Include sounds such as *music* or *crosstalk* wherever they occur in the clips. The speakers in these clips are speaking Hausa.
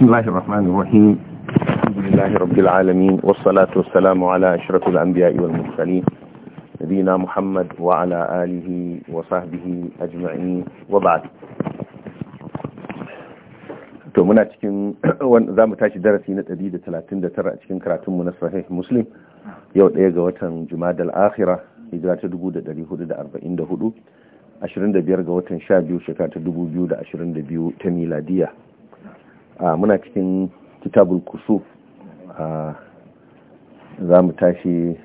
بسم الله الرحمن الرحيم الحمد لله رب العالمين والصلاة والسلام على أشرف الأنبياء والمرسلين نبينا محمد وعلى آله وصحبه أجمعين وبعد to muna cikin *clears throat* za mu tashi darasi na 139 a cikin karatun mu na sahih muslim yau ɗaya ga watan jumadal akhira hijira ta 1444 25 ga watan 12 shekara ta 2022 ta miladiya muna cikin kitabul kusuf za mu tashi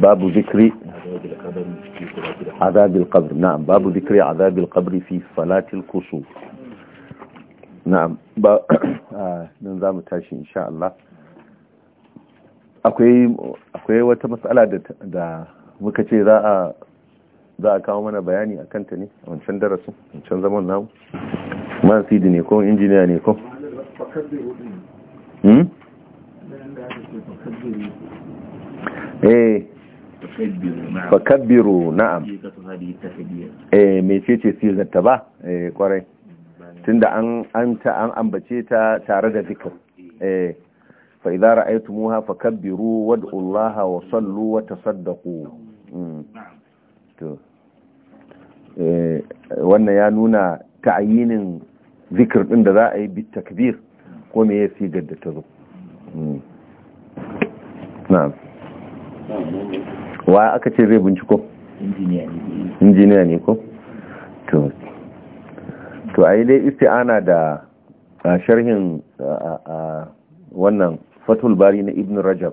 babu zikri azabil qabr na'am babu zikri azabil qabr fi salatil kusuf na'am ba nan za mu tashi insha Allah akwai wata matsala da muka ce za a za a kawo mana bayani a kanta ne a wancan darasin wancan zaman namu man sidi ne ko injiniya ne ko hmm? eh fakabbiru na'am eh mecece sigar zata ba eh kwarai tunda an an ta an ambace ta tare da zikir eh fa aitu muha fakabbiru wadda allaha wa sallu wa tasaddaqu hmm. to eh, wannan ya nuna ta'ayinin zikir din da za a yi bit takbir ko me ya sigar da ta zo hmm. na'am wa aka ce zai binciko injiniya ne ko to to a yi dai isti'ana da sharhin wannan fatul bari na ibn rajab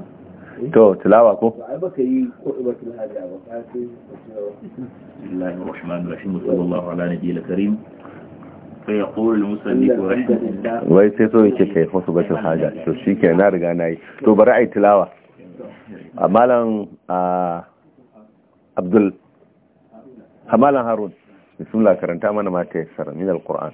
to tilawa ko wai sai so yake kai wasu batul haja to shi ke na riga na yi to bari a yi tilawa a malan abdul a malan harun bismillah karanta mana mata ya tsara al-qur'an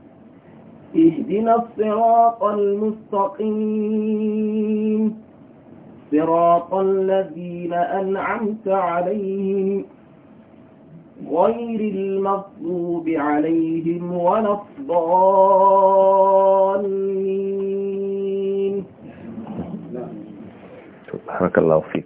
اهدنا الصراط المستقيم صراط الذين أنعمت عليهم غير المغضوب عليهم ولا الضالين سبحانك الله فيك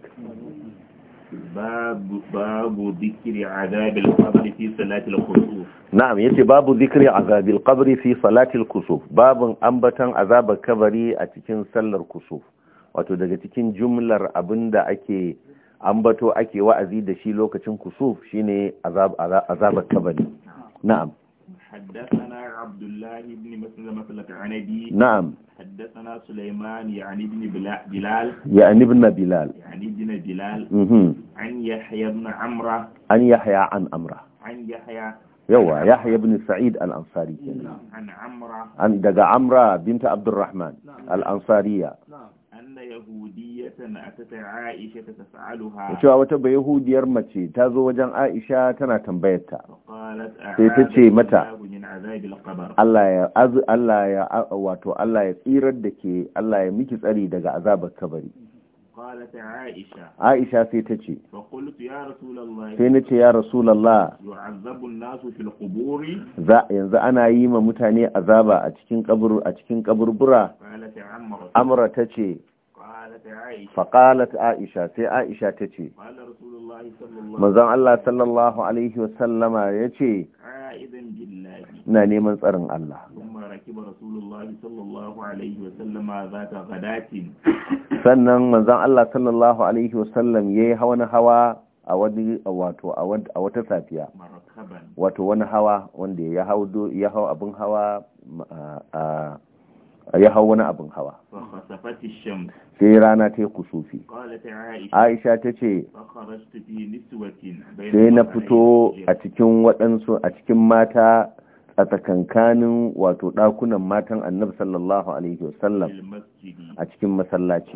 باب باب ذكر عذاب القبر في صلاة الخصوص na'am yace babu zikri azabil qabri fi salatil kusuf babun ambatan azabar kabari a cikin sallar kusuf wato daga cikin jumlar abinda ake ambato ake wa'azi da shi lokacin kusuf shine azab azabar kabari na'am حدثنا عبد الله بن مسلمة العنبي نعم حدثنا سليمان يعني ابن بلال يعني ابن بلال يعني ابن بلال عن يحيى بن عمرة عن يحيى عن أمرة عن يحيى yawa yahya ibn sa'id al-ansari an daga amra binta abdurrahman al-ansariya cewa wata bayahudiyar mace ta zo wajen aisha tana tambayarta, sai ta ce mata Allah ya wato Allah ya tsirar da ke Allah ya miki tsari daga azabar kabari Aisha sai ta ce, sai na ce, Ya Rasulallah, za yanzu ana yi ma mutane azaba a cikin kaburbura, amura ta ce, faƙalat Aisha sai Aisha ta ce, manzan Allah sallallahu Alaihi wasallama ya ce, na neman tsarin Allah. rakiba rasulullahi sallallahu alaihi ta sannan manzan Allah sallallahu alaihi wasallam ya yi hawan hawa a wani wato a wata safiya wato wani hawa wanda ya hau ya hau abin hawa ya hau wani abin hawa sai rana ta yi kusufi aisha ta ce sai na fito a cikin waɗansu a cikin mata a tsakankanin wato ɗakunan matan annab sallallahu alaihi wasallam a cikin masallaci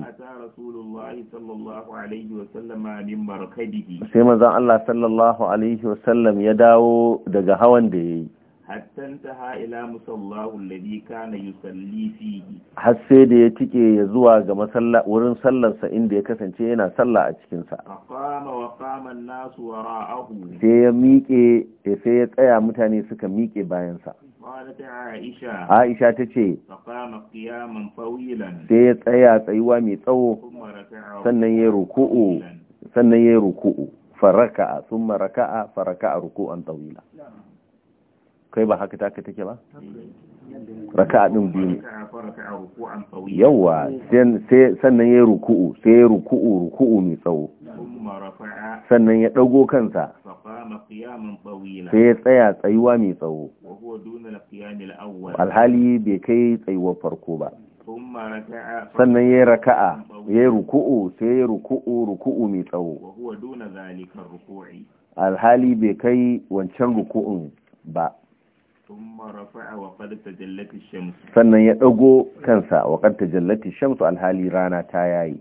sai mazan Allah sallallahu alaihi wasallam ya dawo daga hawan da ya yi hatta intaha ila musallahu alladhi kana yusalli fihi har sai da ya tike ya zuwa ga masalla wurin sallarsa inda ya kasance yana sallah a cikinsa. sa aqama wa qama an-nas wara'ahu sai ya miƙe sai ya tsaya mutane suka miƙe bayan Aisha Aisha tace aqama sai ya tsaya tsayuwa mai tsawo sannan ya ruku'u sannan ya ruku'u faraka'a thumma raka'a faraka'a ruku'an tawila kai ba haka taka take ba raka'a din biyu ne yawa sannan ya ruku'u sai ya ruku'u ruku'u mai tsawo sannan ya dago kansa sai ya tsaya tsayuwa mai tsawo alhali bai kai tsayuwar farko ba sannan ya raka'a ya ruku'u sai ya ruku'u ruku'u mai tsawo alhali bai kai wancan ruku'un ba sannan ya ɗago kansa wa ƙarta jallatin shamsu alhali rana ta yayi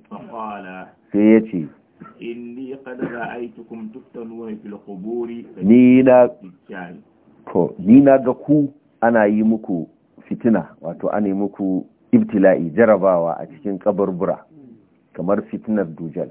sai ya ce ni na ga ku ana yi muku fitina wato ana yi muku ibtila'i jarabawa a cikin kaburbura kamar fitinar dujal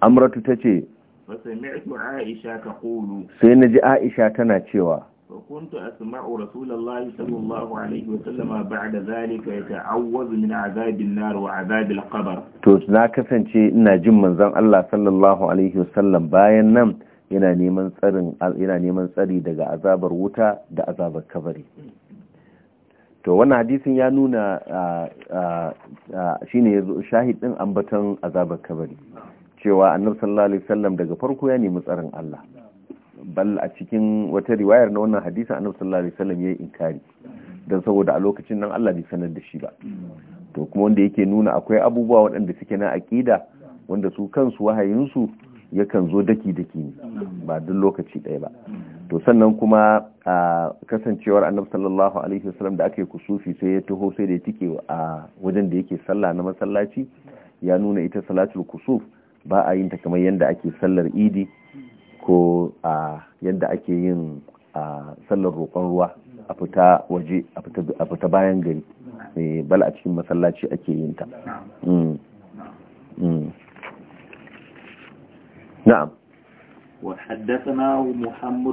amratu ce. فسمعت عائشة تقول سينجي عائشة تناتشيوا فكنت أسمع رسول الله صلى الله عليه وسلم بعد ذلك يتعوذ من عذاب النار وعذاب القبر توت ناكا سنشي إنا جمّن زن الله صلى الله عليه وسلم باين نم yana neman tsarin yana neman tsari daga azabar wuta da azabar kabari to wannan hadisin ya nuna shine shahid din ambaton azabar kabari cewa annabi sallallahu alaihi wasallam daga farko ya nemi tsarin Allah bal a cikin wata riwayar na wannan hadisi annabi sallallahu alaihi wasallam yayi inkari dan saboda a lokacin nan Allah bai sanar da shi ba to kuma wanda yake nuna akwai abubuwa waɗanda suke na aqida wanda su kansu wahayin su yakan zo daki daki ne ba duk lokaci ɗaya ba to sannan kuma a kasancewar annabi sallallahu alaihi wasallam da aka yi kusufi sai ya taho sai da ya a wajen da yake sallah na masallaci ya nuna ita salatul kusuf ba a yin ta kamar yadda ake sallar idi ko a yadda ake yin a sallar roƙon ruwa a fita waje a fita bayan gari eh, bal a cikin masallaci ake yin ta mm. Mm. na'am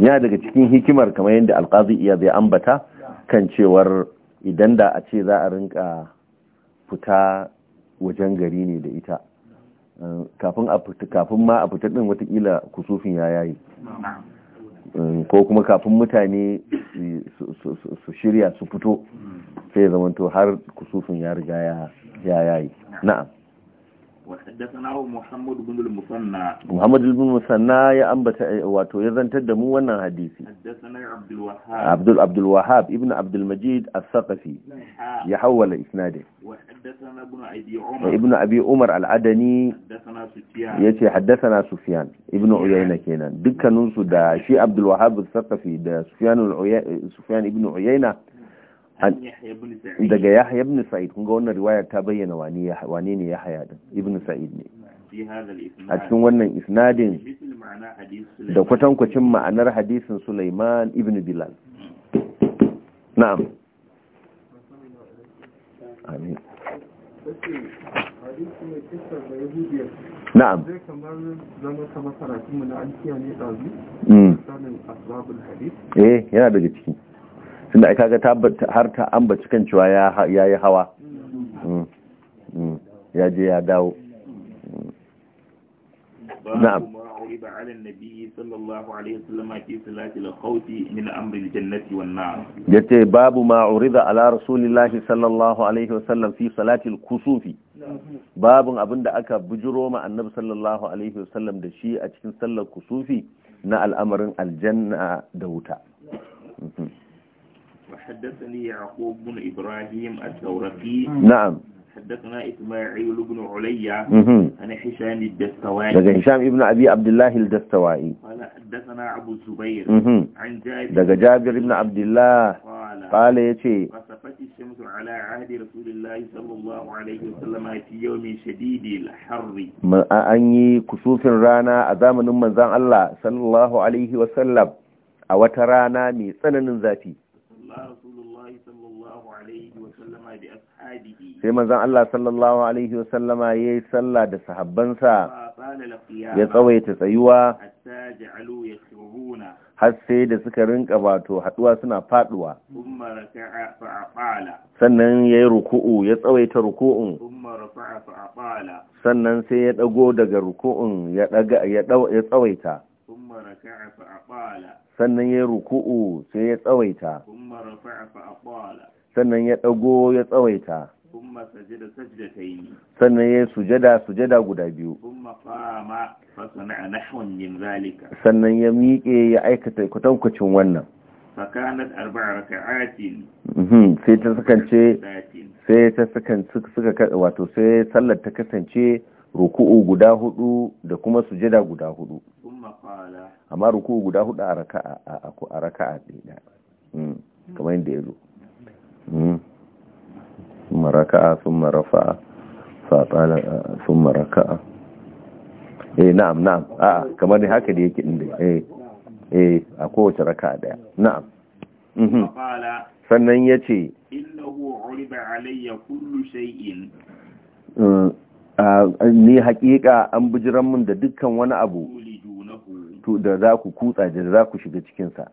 ya daga cikin hikimar kamar yadda alkazi iya zai ambata kan cewar idan da a ce za a rinka fita wajen gari ne da ita kafin kafin ma a fita din watakila kusufin ya yayi eh, ko kuma kafin mutane su shirya su fito sai ya zamanto har kusufin ya riga ya yayi na'am وحدثناه محمد بن المثنى محمد بن المثنى يا أنبت واتو يزنتد دمو ونا حديثي حدثنا عبد الوهاب عبد عبد الوهاب ابن عبد المجيد الثقفي يحول إسناده وحدثنا ابن أبي عمر ابن أبي عمر العدني حدثنا سفيان يتي حدثنا سفيان ابن عيينة كينا دكا ننسو دا شي عبد الوهاب الثقفي دا سفيان العي... سفيان ابن عيينة daga haya ibn sa'id kun wannan riwaya ta bayyana wane ne haya din ibn sa'id ne a cikin wannan isnadin da kwatankwacin ma'anar hadisin Sulaiman ibn Bilal na'am amin na'am zai kamar zama na ne ɗazu hmm. eh yana daga ciki da aka ga har ta ambaci kan cewa ya yi hawa mm. Mm. ya je ya dawo mm. na'am yace babu babu ma'urida ala rasulillahi sallallahu alaihi wasallam fi al kusufi babun abinda aka bujiro ma annabi sallallahu alaihi wasallam da shi a cikin sallar kusufi na al'amarin aljanna da wuta mm-hmm. حدثني يعقوب بن إبراهيم الثورقي نعم حدثنا إسماعيل بن علي عن هشام الدستوائي دقى هشام ابن أبي عبد الله الدستوائي قال حدثنا أبو الزبير عن جابر دقى جابر بن عبد الله قال قال يتي خسفت الشمس على عهد رسول الله صلى الله عليه وسلم في يوم شديد الحر أني كسوف رانا أزامن من زان الله صلى الله عليه وسلم أوترانا مي سنن ذاتي sai manzon Allah sallallahu alaihi wasallama yi sallah da sahabbansa ya tsawaita tsayuwa har sai da suka rinka wato haduwa suna faduwa sannan ya yi ruku'u ya tsawaita ruku'un sannan sai ya dago daga ruku'un ya tsawaita sannan ya ruku'u sai ya tsawaita sannan ya ɗago ya tsawaita sannan ya sujada sujada guda biyu sannan ya miƙe ya aikata kwatankwacin wannan fakanat arba'a raka'atin mhm, sai ta sakance sai ta sakance suka wato sai sallar ta kasance ruku'u guda hudu da kuma sujada guda hudu amma ruku guda hudu a raka'a a raka'a ɗaya hmm, kamar yadda ya zo hmm. summa raka'a summa rafa'a fatala summa raka'a eh na'am na'am a kamar ne haka da yake inda eh eh a kowace raka'a ɗaya na'am mhm sannan yace innahu uriba alayya kullu shay'in eh, ni haƙiƙa an bijiran mun da dukkan wani abu da za ku kutsa da za ku shiga cikinsa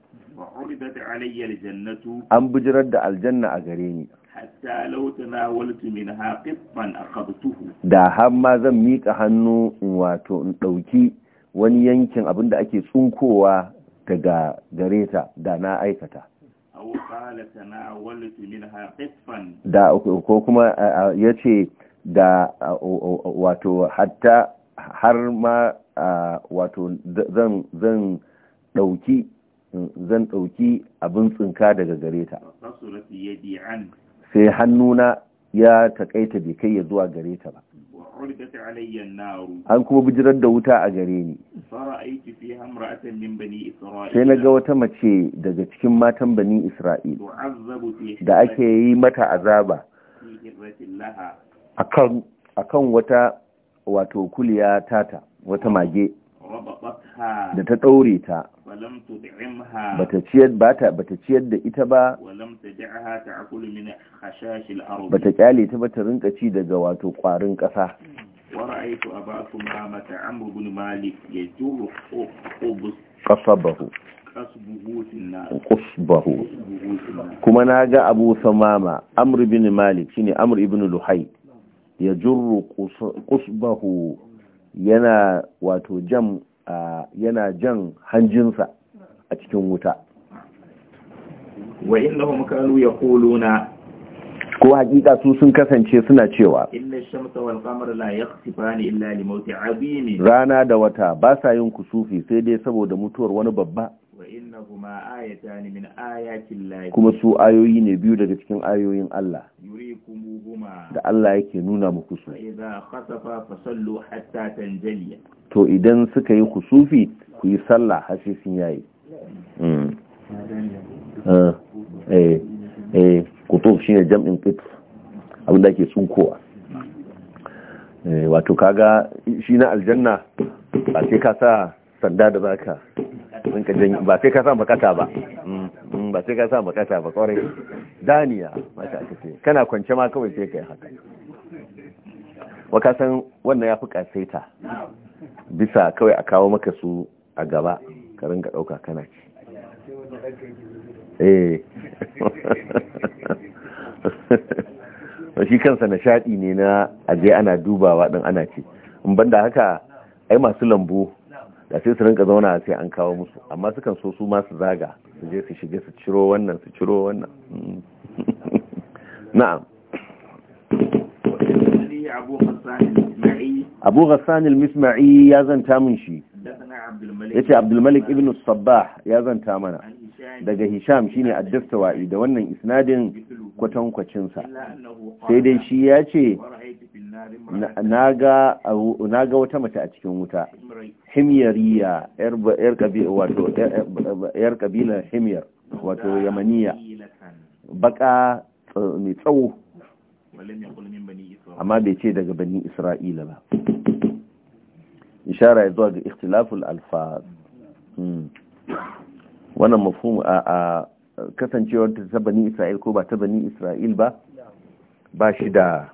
an bijirar da aljanna a gare ni da har ma zan mika hannu in wato in dauki wani yankin abin da ake tsunkowa daga gare ta da na aikata da ko kuma yace da wato hatta har ma wato zan ɗauki abin tsinka daga gare ta sai hannuna ya takaita bai kai ya zuwa gare ta ba an kuma bijirar da wuta a gare ni sai na ga wata mace daga cikin matan bani isra'il da ake yi mata azaba A kan wata wato kuliya tata wata mage da ta ɗaure ta ba ta ciyar da ita ba ba ta kyale ta ba ta rinka ci daga wato ƙwarin ƙasa kuma na ga abu samama amur bin malik shine amur ibn luhai ya jurru ƙusbahu yana wato jan yana jan hanjinsa a cikin wuta wa hum kanu yaquluna ko hakika su sun kasance suna cewa illa rana da wata ba sa yin kusufi sai dai saboda mutuwar wani babba kuma su ayoyi ne biyu daga cikin ayoyin Allah da Allah yake nuna muku su to idan suka yi kusufi ku yi sallah har sai sun yayi shi mm. eh. Eh. shine jam'in qit abinda ake sunkowa eh, wato kaga shi na aljanna ba sai ka sa sanda da zaka rinka janyi ba sai ka sa makata ba mm, mm, ba sai ka sa makata ba kwarai daniya mata aka ce kana kwance ma kawai sai ka yi haka wa ka san wannan ya fi kasaita bisa kawai a kawo maka su a gaba ka rinka ɗauka kana ci eh *laughs* shi kansa shaɗi ne na aje ana dubawa ɗin ana ci in banda haka ai masu lambu da sai su rinka zauna sai an kawo musu amma sukan so su ma su zaga su je su shige su ciro wannan su ciro wannan *laughs* na'am abu hassan al-misma'i ya zanta mun shi yace abdul malik ibn sabbah ya zanta mana daga hisham shine addastawa'i da wannan isnadin kwatankwacinsa sai dai shi ya ce na ga wata mace a cikin wuta himyariya *laughs* yar kabilar himyar wato yamaniya baka mai tsawo amma bai ce daga bani isra'ila ba ishara ya zuwa ga ikhtilaful alfaz hmm. wannan mafum a kasancewar ta bani isra'il ko ba ta bani isra'il ba ba shi da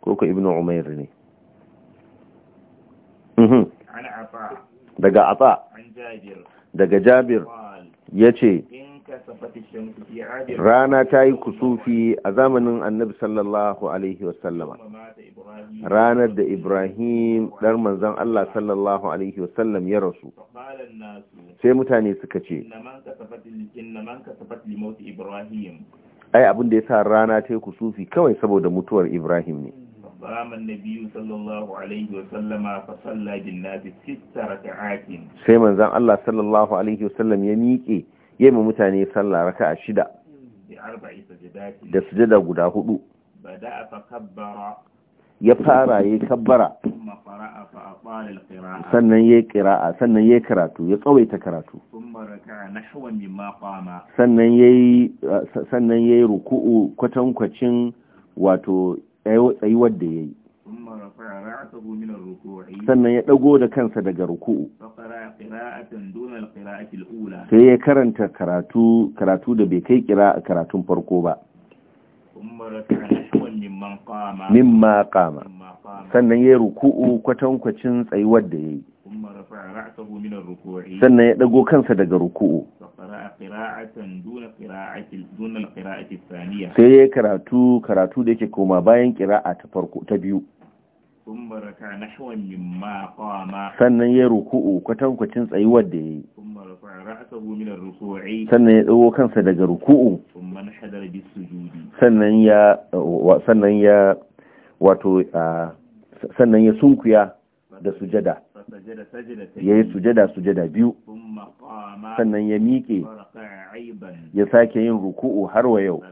ko ko ibn umair ne mhm. daga ata daga jabir yace rana ta yi kusufi a zamanin annabi sallallahu alaihi wasallama ranar da ibrahim ɗar manzan Allah sallallahu alaihi wasallam ya rasu sai mutane suka ce ai abin da ya sa rana ta yi kusufi kawai saboda mutuwar ibrahim ne sallallahu النبي صلى الله عليه وسلم فصلى بالناس ست ركعات sai manzon Allah sallallahu alaihi ya miƙe yayin mutane sallah raka'a shida da sujada guda hudu bada fa kabbara ya fara yayi kabbara sannan yayi qira'a sannan yayi karatu ya tsawaita karatu sannan yayi sannan yayi ruku'u kwatankwacin wato tsayi wadda ya yi sannan ya ɗago da kansa daga ruku'u sai ya karanta karatu karatu da bai kai kira a karatun farko ba mimma kama sannan ya yi ruku'u kwatankwacin tsayi wadda ya yi sannan ya ɗago kansa daga ruku'u qira'atan duna qira'ati duna al-qira'ati sai ya karatu karatu da yake koma bayan qira'a ta farko ta biyu thumma raka'a nahwan mimma qama sannan ya ruku'u kwatan kwacin tsayuwar da yayi thumma rafa'a ra'sahu min ar-ruku'i sannan ya dago kansa daga ruku'u thumma nahadara bis-sujudi sannan ya sannan ya wato sannan ya sunkuya da sujada ya yi sujada sujada biyu sannan ya miƙe ya sake yin ruku'u har wa yau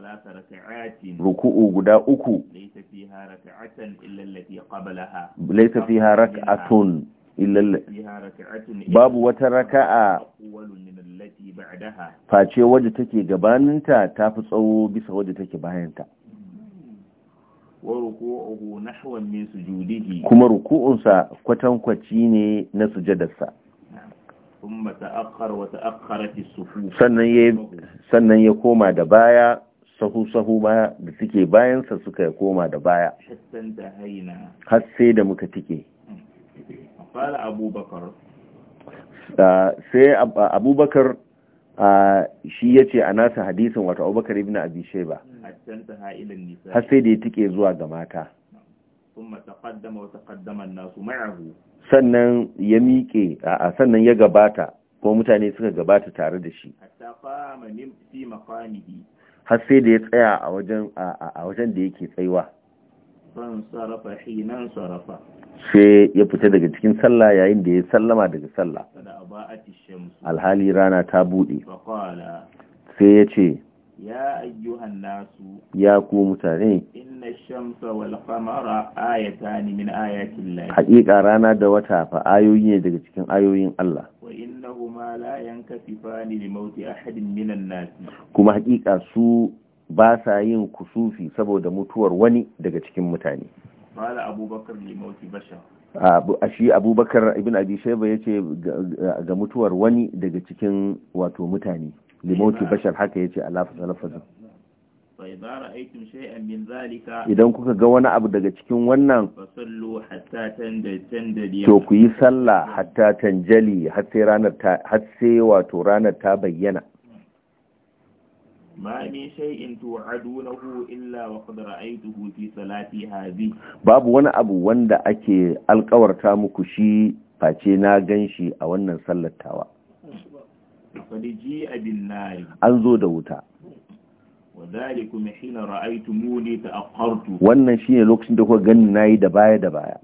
ruku'u guda uku laisa fi rak'atun babu wata raka'a face wadda take gabaninta ta fi tsawo bisa wadda take bayanta wa وركوعه نحو من سجوده كما ركوعه كتنكوتي ne na sujadarsa wa ta'akhkharat as الصفوف sannan ya sannan ya koma da baya sahu sahu ba da suke bayan sa suka koma da baya har sai da muka tike fara hmm. abubakar sai abubakar shi ya ce a nasa hadisin wata abubakar ibn abi shaiba har sai da ya tike zuwa ga mata sannan ya miƙe a sannan ya gabata ko mutane suka gabata tare da shi har sai da ya tsaya a wajen a wajen da yake tsaiwa sai ya fita daga cikin sallah yayin da ya sallama daga sallah alhali rana ta buɗe sai ya ce ya ayyuhan nasu ya ku mutane inna shamsa wal qamara ayatan min ayati llahi haqiqa rana da wata fa ayoyi ne daga cikin ayoyin Allah wa innahuma la yankasifani li mauti ahadin minan nas kuma haqiqa su ba sa yin kusufi saboda mutuwar wani daga cikin mutane qala abubakar li mauti bashar a shi abubakar ibn abi shaiba ya ce ga mutuwar wani daga cikin wato mutane limoti bashar haka yace a lafazin idan kuka ga wani abu daga cikin wannan hatta da da to ku yi sallah hatta tanjali har sai ranar ta har sai wato ranar ta bayyana ma min shay'in tu'adunahu illa wa qad ra'aytuhu fi salati hadhi babu wani abu wanda ake alƙawarta muku shi face na ganshi a wannan sallar tawa. an zo da wuta wannan shi ne lokacin da kuka gani na yi da baya da baya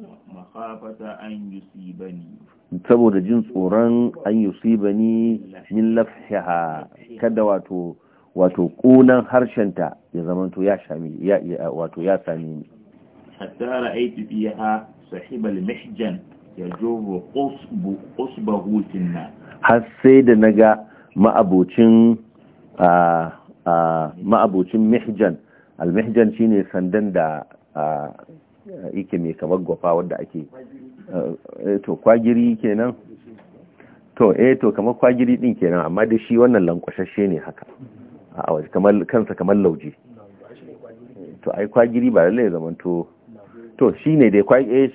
saboda jin tsoron an yusibani min lafhiha kada wato wato kunan harshenta ya zamanto ya sami ya wato ya sami ni hatta ra'aytu fiha sahibal mihjan yajubu qusbu qusbahu tinna har sai da na ga ma'abocin mihjan almihjan shine sandan da ike mai kamar gwafa wadda ake eh, to kwagiri kenan to eh to kamar kwagiri din kenan amma da shi wannan lankwashashe ne haka a waje kansa kamar lauje to ai kwagiri ba lalle zaman to to ne dai eh,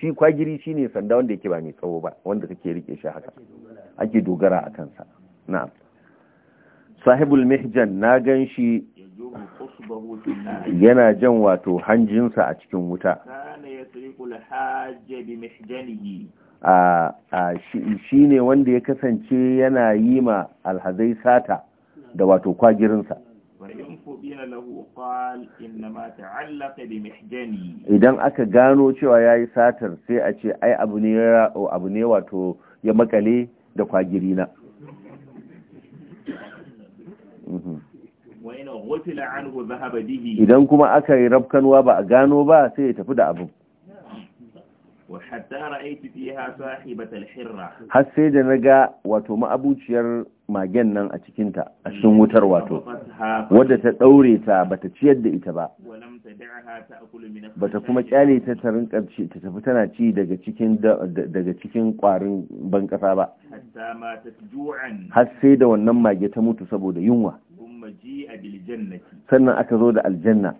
shi kwagiri shine sanda wanda yake ba mai tsawo ba wanda take rike shi haka ake dogara a kansa na'am sahibul mihjan na gan shi yana jan wato hanjinsa a cikin wuta shi ne wanda ya kasance yana yi ma alhazai sata da wato kwagirinsa idan aka gano cewa ya yi satar sai a ce ai abu ne wato ya makale da kwagiri na mhm. idan kuma aka yi rafkanuwa ba a gano ba sai ya tafi da abin har sai da na ga wato ma'abuciyar magen nan a cikinta a hmm. cikin wutar wato wadda ta ɗaure ta bata ciyar da ita ba bata kuma kyale ta tarin ta tafi tana ci daga cikin daga cikin ƙwarin ban ƙasa ba har sai da wannan mage ta mutu saboda yunwa sannan aka zo da aljanna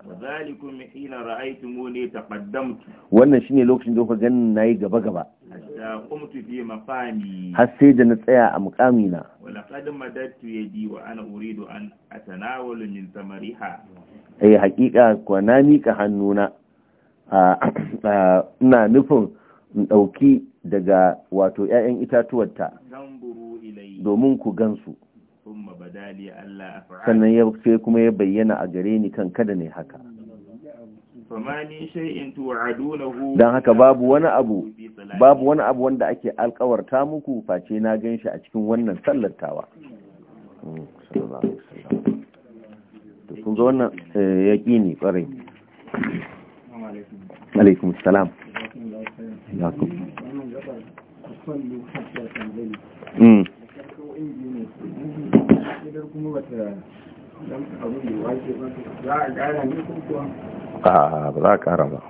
wannan shine lokacin da kuka na yi gaba gaba har sai da na tsaya a mukamina eh hakika kuwa na mika hannuna ina nufin in ɗauki daga wato 'ya'yan itatuwarta domin ku gansu sannan ya sai kuma ya bayyana a gare ni kan kada ne haka don haka babu wani abu babu wani abu wanda ake alkawarta muku face na gan shi a cikin wannan sallatawa mm, kun zo wannan eh, yaƙi ne ƙwarai alaikum salam ba za a ƙara ba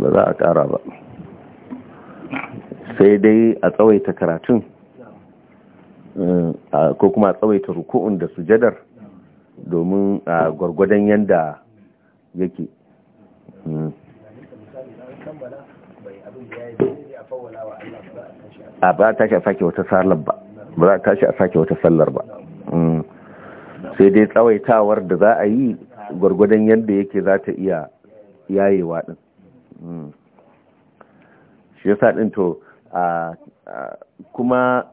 ba za a ƙara ba sai dai a tsawaita karatun eh, ko kuma a tsawaita ruku'un da sujadar domin a gwargwadon yadda yake hmm. a ba ta shi a sake wata sallar ba ba za ta shi a sake wata sallar ba sai dai tsawaitawar da za a yi gwargwadon yadda yake za ta iya yayewa din mm. shi yasa din to kuma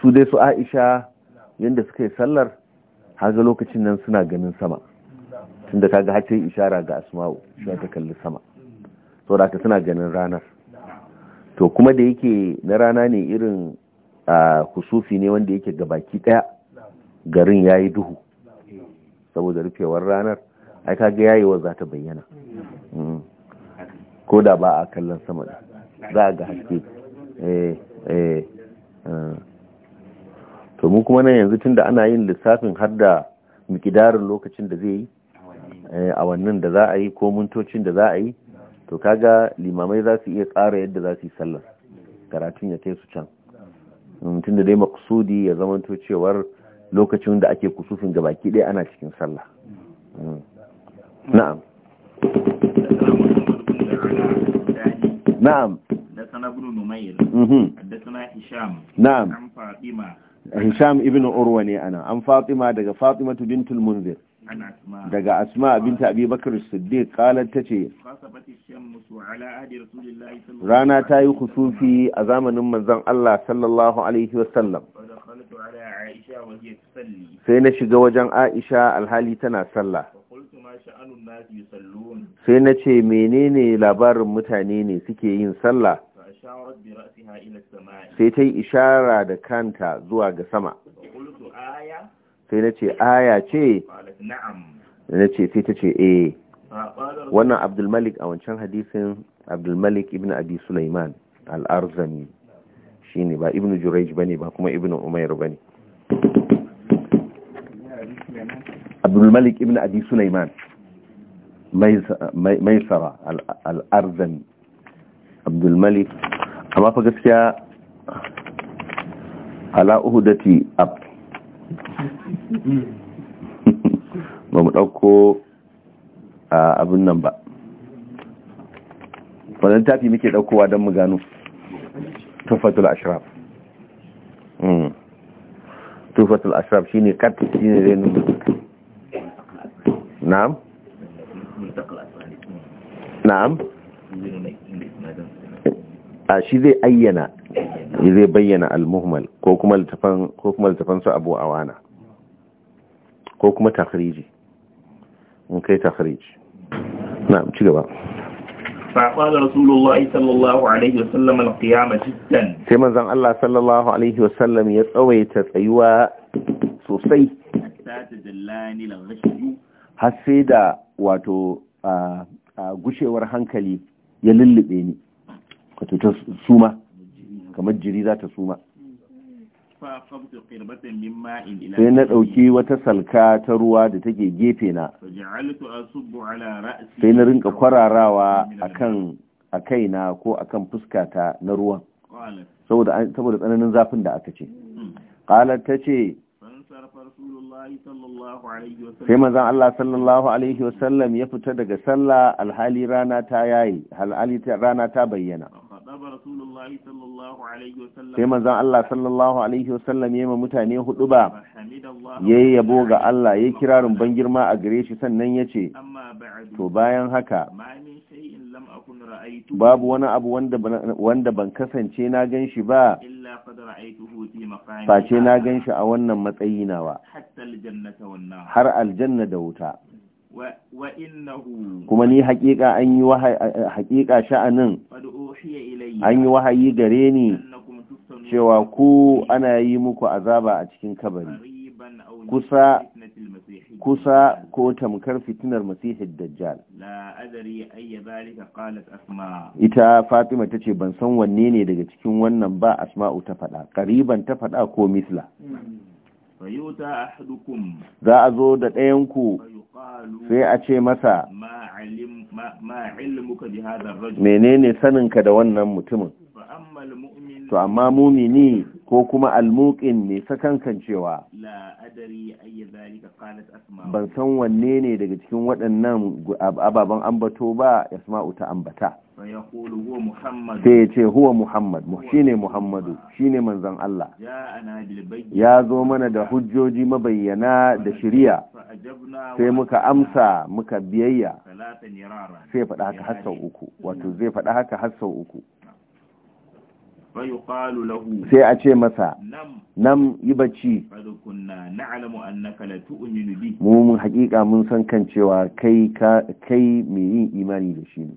su dai su aisha yadda suka yi sallar haga lokacin nan suna ganin sama tunda kaga ga ta yi ishara ga asma'u shi ta kalli sama saboda suna ganin ranar to kuma da yake na rana ne irin kusufi ne wanda yake ga baki daya garin ya yi duhu saboda rufewar ranar ai kaga yayewa za ta bayyana mm. ko da ba a kallon sama da za a ga haske eh, eh, ah. to mu kuma nan yanzu tunda ana yin lissafin har da mikidarin lokacin da zai yi eh, a wannan da za a yi ko mintocin da za a yi to kaga limamai za su iya tsara yadda za su yi sallar karatun ya kai su can mutum da dai maksudi ya zamanto cewar lokacin da ake kusufin ga baki ɗaya ana cikin sallah. Mm. Na'am. Na'am. Da Da sana Hisham. Na'am. Fatima. Hisham ibn Urwa ne ana. An Fatima daga Fatima tu bintul Munzir. daga asma binta abi bakar siddiq kalar ta ce rana ta yi kusufi a zamanin manzon Allah sallallahu alaihi wasallam sai na shiga wajen aisha alhali tana sallah sai na ce menene labarin mutane ne suke yin sallah sai ta yi ishara da kanta zuwa ga sama sai na ce aya ce na ce sai ta ce e. wannan abdulmalik a wancan hadisin abdulmalik ibn abi sulaiman al'arzani shi ne ba ibn juraj ba ne ba kuma ibn umair ba ne abdulmalik ibn abi sulaiman maisara al'arzani abdulmalik amma fa gaskiya ala uhudati ba mu ɗauko abin nan ba wannan tafi muke ɗaukowa don mu gano tufatul ashraf hmm. tufatul ashraf shi ne kat shi ne renin na'am na'am a shi zai ayyana zai bayyana al-muhmal ko kuma littafan ko kuma littafan su abu awana ko kuma takhriji in kai takhriji na'am ci gaba saqala rasulullahi sallallahu alaihi wasallam al-qiyama jiddan sai manzon Allah sallallahu alaihi wasallam ya tsawaita tsayuwa sosai har sai da wato a gushewar hankali ya lullube ni wato ta suma kamar jiri za ta suma sai na ɗauki wata salka ta ruwa da take gefe na sai na rinka kwararawa a kaina ko a kan fuskata na ruwan saboda tsananin zafin da aka ce ƙalar hmm. ta ce sai manzan Allah sallallahu alaihi wasallam ya fita daga sallah alhali rana ta yayi alhali rana ta bayyana oh. sai manzon Allah sallallahu alaihi wasallam yayin mutane hudu ba yai yabo ga Allah yayi kirarin ban girma a gare shi sannan yace to bayan haka babu wani abu wanda ban kasance na gan shi ba face na gan shi a wannan matsayi nawa har aljanna da wuta Hmm, kuma ni haƙiƙa an yi sha'anin an yi wahayi gare ni cewa ku ana yi muku azaba a cikin kabari kusa kusa ko tamkar fitinar masihid dajjal ita fatima ta ce ban san wanne ne daga cikin wannan ba asma'u ta faɗa ƙariban ta faɗa ko misla hmm. za a zo da ɗayanku sai a ce masa menene saninka da wannan mutumin to amma mumini ko kuma almuqin mai sakankan cewa ban san wanne ne daga cikin waɗannan ababen ambato ba asma'u ta ambata sai ya ce huwa muhammad shi ne muhammadu shine manzan Allah ya zo mana da hujjoji mabayyana da shirya sai muka amsa muka biyayya sai faɗa haka uku wato zai faɗa haka har uku sai a ce masa nam yi bacci mu mun hakika mun san kan cewa kai kai mai yin imani da shi ne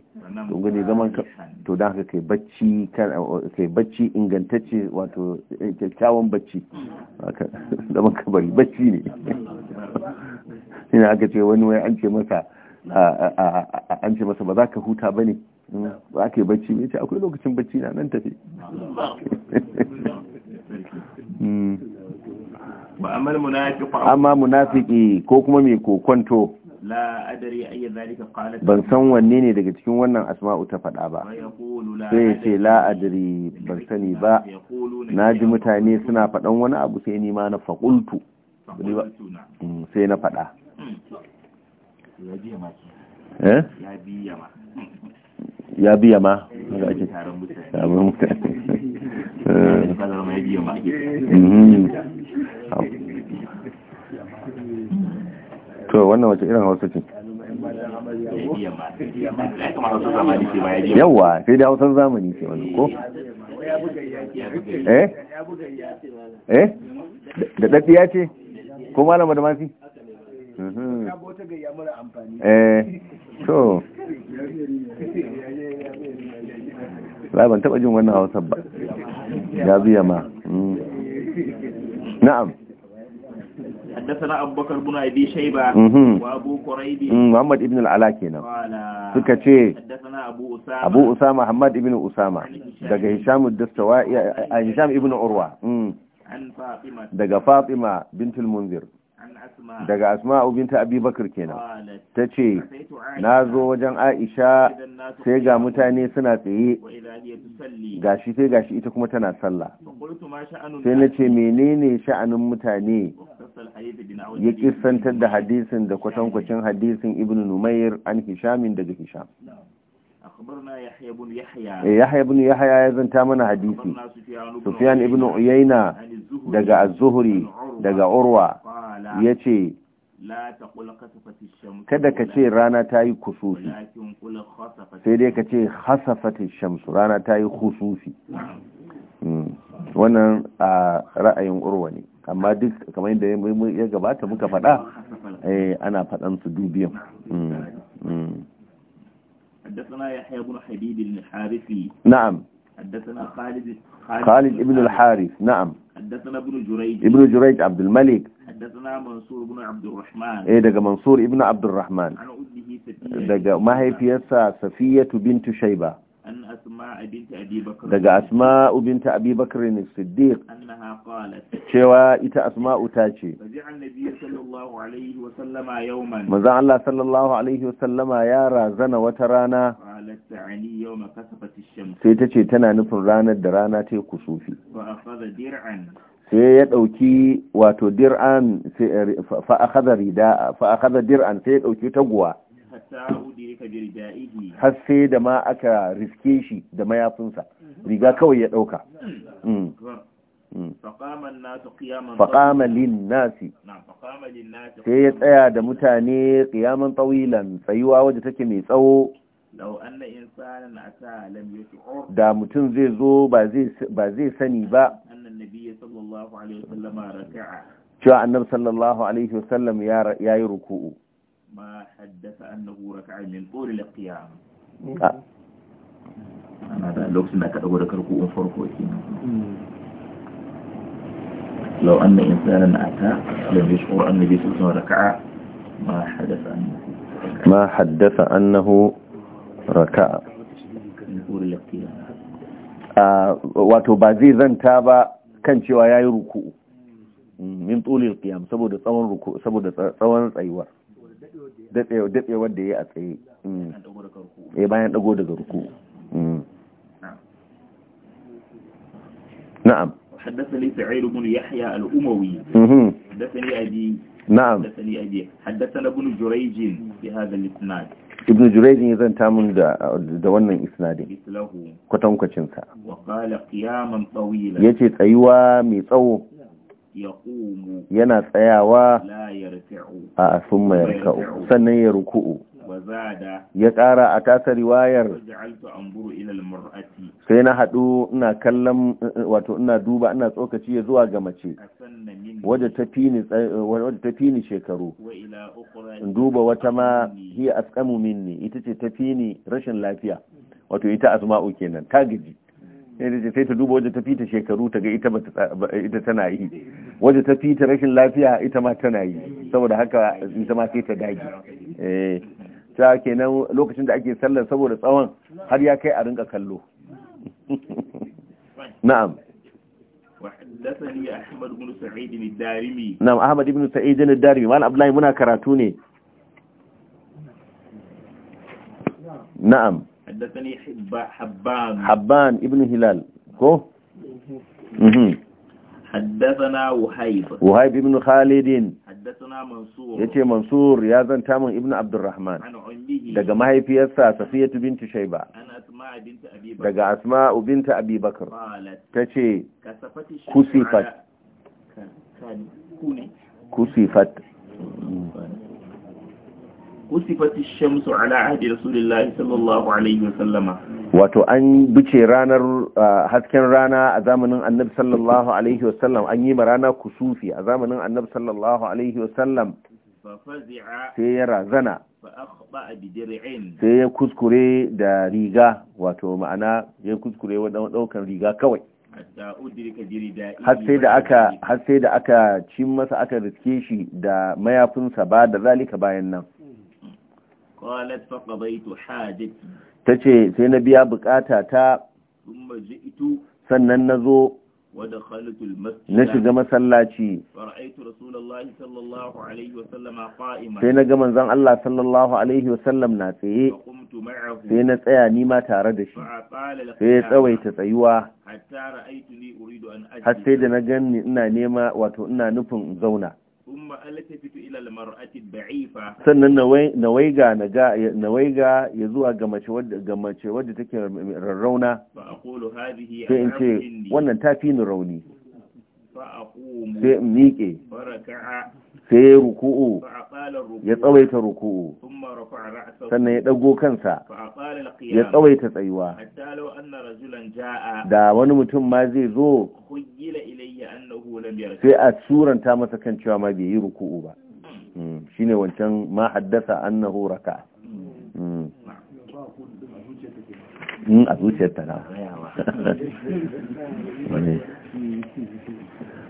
to gane zaman ka to dan haka kai bacci kai bacci ingantacce wato eh, kyakkyawan bacci hmm. *laughs* zaman ka bari bacci ne ina aka ce wani wai an ce masa an ce masa ba za ka huta ba ne ba ka yi bacci ya ce akwai lokacin bacci na nan tafi amma munafiki ko kuma mai kokonto ban san wanne ne daga cikin wannan asma'u ta faɗa ba sai ce la'adari ban sani ba na ji mutane suna faɗan wani abu sai ni ma na fakultu mm, sai na faɗa mm. ya biya ma eh? eh, haka ya taron mutane to wannan wace irin hausa ce yawa sai da hausar zamani ce wani ko eh, eh? da ɗaɗɗiya ce ko malama da mafi Mm-hmm. Eh, to ban taba jin wannan hausa ba ya biya ma mm. na'am حدثنا أبو بكر بن أبي شيبة محمد ابن suka ce abu usama hamad ibn usama daga hisham mm. daga fatima bintul munzir daga asma ubinta abubakar kenan ta ce na zo wajen aisha sai ga mutane suna tsaye gashi sai gashi ita kuma tana sallah sai na ce menene sha'anin mutane ya kisantar da hadisin da kwatankwacin hadisin ibn numayar an hishamin daga hisham أخبرنا يحيى بن يحيى eh, يحيى بن يحيى يزن تامنا حديثي سفيان ابن عيينة دقى الزهري دقى عروة يتي kada ka ce rana ta yi kusufi sai dai ka ce hasafatin shamsu rana ta yi kusufi hmm. wannan a ra'ayin urwa ne amma duk kamar yadda ya gabata muka faɗa eh, ana faɗansu dubiyan حدثنا يحيى بن حبيب الحارثي نعم حدثنا خالد خالد ابن الحارث نعم حدثنا ابن جريج ابن جريج عبد الملك حدثنا منصور بن عبد الرحمن ايه ده منصور ابن عبد الرحمن عن أمه سفيه ده ما هي فيها سفيه بنت شيبه daga asma'u binta abi bakr ne siddiq cewa ita asma'u ta ce manzo Allah sallallahu alaihi wasallama ya razana wata rana sai ta ce tana nufin ranar da rana ta yi kusufi sai ya ɗauki wato dir'an fa akhadha dir'an sai ya ɗauki taguwa har sai da ma aka riske shi da mayafinsa mhm. riga kawai ya ɗauka mm. mm. lin nasi. sai ya tsaya da mutane ƙiyaman tsawilan tsayuwa wadda take mai tsawo da mutum zai zo ba zai sani ba cewa annabi sallallahu alaihi wasallam ya yi ruku'u ما حدث أنه ركع من طول القيام أنا ذا لوكس ما كأقول ركوع فرقه لو أن إنسانا أتى لم يشعر أن النبي صلى الله عليه وسلم ركع ما حدث أنه ما حدث أنه ركع wato ba zai zanta ba kan cewa ya yi ruku min tsulil qiyam saboda tsawon ruku saboda tsawon tsayuwar daɗe wanda da ya a tsaye ya mm. bayan ɗago daga ruku eh, na'am حدثني سعيد بن يحيى الأموي حدثني أبي نعم حدثني أبي حدثنا ابن جريج في هذا الإسناد ابن جريج تامن wannan isnadin kwatan kwacin sa tsayuwa mai tsawo yana tsayawa a summa ya sannan ya ruku'u ya ƙara a tasa riwayar sai na haɗu ina kallon wato ina duba ina tsokaci ya zuwa ga mace wadda ta fi ni shekaru duba wata ma hiya askamu minni ita ce ta fi ni rashin lafiya wato ita asma'u kenan ta gaji sai ta duba waje ta fita shekaru ta ga ita tana yi waje ta fita rashin lafiya ita ma tana yi saboda haka ita ma sai ta dage eh, ta kenan lokacin da ake sallar saboda tsawon har ya kai a rinka kallo *laughs* na'am naam ahmad ibn sa'id ibn darimi احمد abdullahi muna karatu ne. na'am حدثني حبان حبان ابن هلال كو حدثنا وهيب وهيب ابن خالد حدثنا منصور يتي منصور يا زن من ابن عبد الرحمن ما هي في اسا بنت شيبه daga mahaifiyarsa Safiyatu binti Shayba daga Asma'u binta Abi Bakr tace kusifat كسفت وصفت الشمس wato an bice ranar hasken rana a zamanin annabi sallallahu alaihi wasallam an yi ma rana kusufi a zamanin annabi sallallahu alaihi wasallam sai ya razana sai ya kuskure da riga wato ma'ana ya kuskure wadan daukan riga kawai har sai da aka har sai da aka cin masa aka riske shi da mayafinsa ba da zalika bayan nan قالت فقضيت حاجتي تتي سي نبيا بقاتاتا ثم جئت sannan nazo ودخلت المسجد نشج مسلاتي فرأيت رسول الله صلى الله عليه وسلم قائما سي نغا منزان الله صلى الله عليه وسلم ناتسي فقمت معه سي نتسيا نيما تاره دشي سي تسويت تسيوا حتى رأيتني أريد أن أجلس حتى da na ganni ina nema wato ina nufin in zauna ثم التفت sannan nawaiga nawaiga ya zuwa ga mace wadda ga mace wadda take rarrauna sai in ce wannan ta fi ni rauni sai in miƙe sai ya ruku'u ya tsawaita ruku'u sannan ya ɗago kansa ya tsawaita tsayuwa da wani mutum ma zai zo sai a suranta masa kan cewa ma bai yi ruku'u ba shine wancan ma haddasa annahu raka a zuciyarta na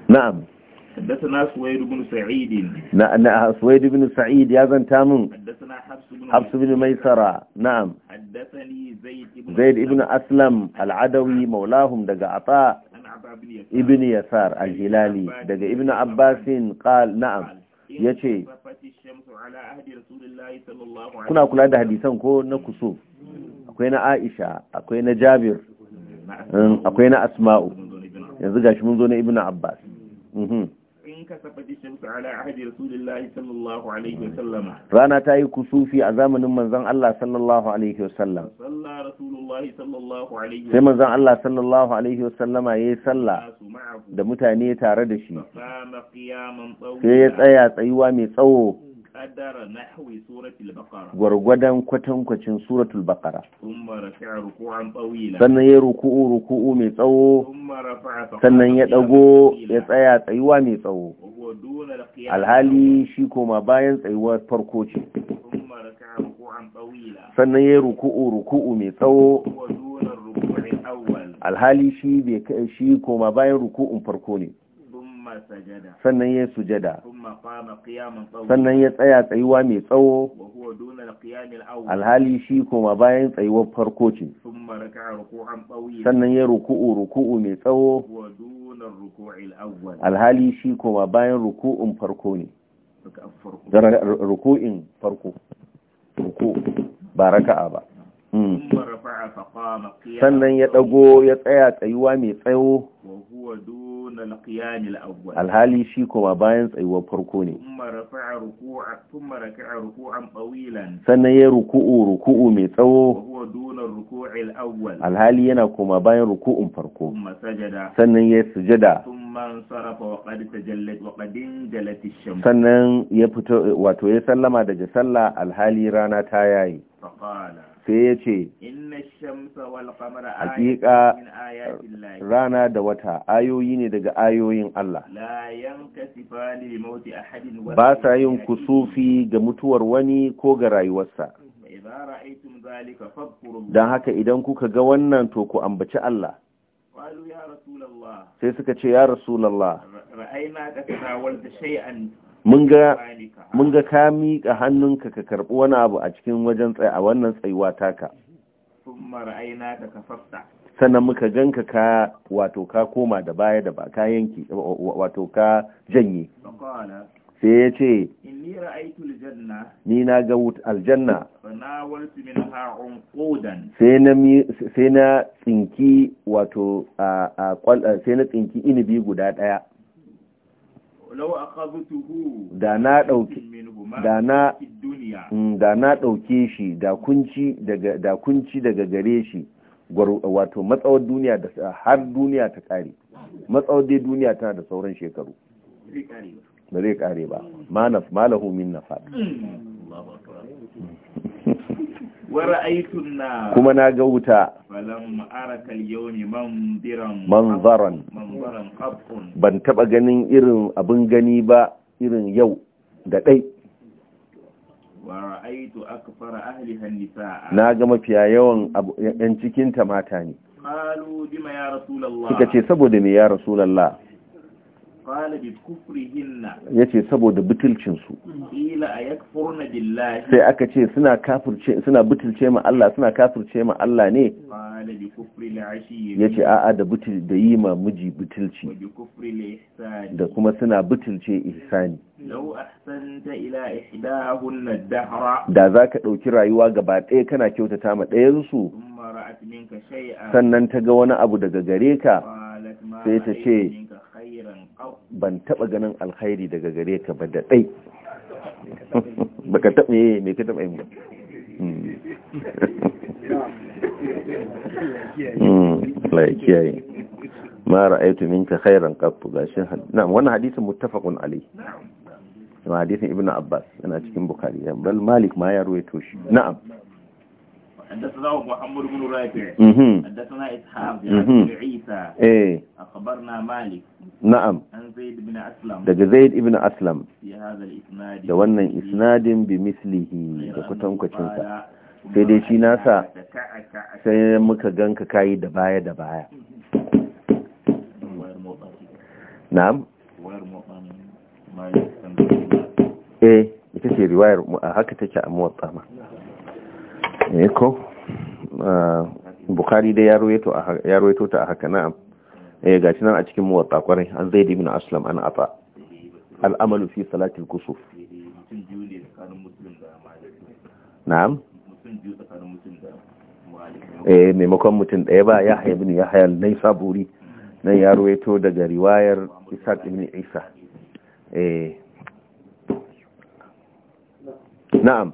na'am حدثنا سويد بن سعيد نعم سويد بن سعيد يا حفص بن ميسرة نعم حدثني زيد بن زيد بن أسلم العدوي مولاهم دقى عطاء ابن يسار الهلالي دقى ابن عباس قال نعم ya ce kuna kula da hadisan ko na kusuf akwai na aisha akwai na jabir mm. Mm, akwai na asma'u yanzu gashi mun zo na ibn abbas mm-hmm. rana ta yi kusufi a zamanin manzon Allah sallallahu alaihi wasallam sai manzon Allah sallallahu alaihi wasallama ya yi sallah da mutane tare da shi sai ya tsaya tsayuwa mai tsawo Gwargwadon nahwi suratul baqara gurgudan kwatankwacin suratul baqara rafa'a ruku'an tawila sannan ya ruku'u ruku'u mai tsawo sannan ya dago ya tsaya tsayuwa mai tsawo alhali shi koma bayan tsayuwar farko ce sannan ya ruku'u ruku'u mai tsawo alhali shi koma bayan ruku'un farko ne sannan ya sujada sannan ya tsaya tsayuwa mai tsawo alhali shi kuma bayan tsayuwar farko ce sannan ya ruku'u ruku'u mai tsawo alhali shi kuma bayan ruku'un farko ne ruku'in farko ruku'u ba raka'a ba hmm. sannan ya dago ya tsaya tsayuwa mai tsawo alhali shi kuma bayan tsayuwar farko ne sannan ya ruku'u ruku'u mai tsawo alhali yana kuma bayan ruku'un farko sannan ya sujada sannan ya fito wato ya sallama daga sallah alhali rana ta yayi sai ya ce hakika rana da wata ayoyi ne daga ayoyin Allah ba sa yin kusufi ga mutuwar wani ko ga rayuwarsa don haka idan kuka ga wannan to ku ambaci Allah sai suka ce ya rasulallah mun ga ka miƙa hannunka ka karɓi wani abu a cikin wajen tsaye a wannan tsayuwa taka sannan muka ganka ka wato ka koma da baya da ba ka yanki wato ka janye sai ya ce ni na ga aljanna sai na tsinki wato sai na tsinki inibi guda ɗaya da na ɗauki da na mm, da na ɗauke shi da kunci daga da kunci daga gare shi wato matsawar duniya da har duniya ta ƙare matsawar dai duniya tana da sauran shekaru ba zai ƙare ba ma lahu min nafad mm. kuma na ga wuta manzaran ban taba ganin irin abin gani ba irin yau da ɗai na ga mafiya yawan yan cikinta mata ne suka ce saboda me ya rasulallah ya ce saboda butulcinsu sai aka ce suna butulce ma Allah suna kafirce ma Allah ne ya ce a'a da da yi ma miji butulci da kuma suna butulce ihsani da za ka ɗauki rayuwa gaba ɗaya kana kyautata ma ɗayansu sannan ta ga wani abu daga gare ka sai ta ce ban taba ganin alkhairi daga gare ka ba da dai *laughs* baka taɓa yi eh, mai ka taɓa yi ba hmm. *laughs* Hmm, Allah ya kiyaye ma ra'aytu minka khairan qattu gashin na'am wannan hadisin muttafaqun alayhi na'am hadisin ibnu abbas yana cikin bukhari bal malik ma ya ruwaito shi na'am حدثنا محمد بن رافع حدثنا إسحاق عن عيسى أخبرنا مالك نعم عن زيد بن زيد بن في هذا بمثله sai dai shi nasa sai muka ganka kayi da baya da baya na'am eh ita ce riwayar haka take a muwatta ma eko ah, bukari dai ya roito ta a haka na'am eh, ga shi nan a cikin muwatta kwarai an zai ibn aslam an afa al'amalu fi salatil kusuf na'am eh maimakon mutum ɗaya ba ya haya bin ya haya nai saburi nan ya ruwaito daga riwayar isa ibn isa eh na'am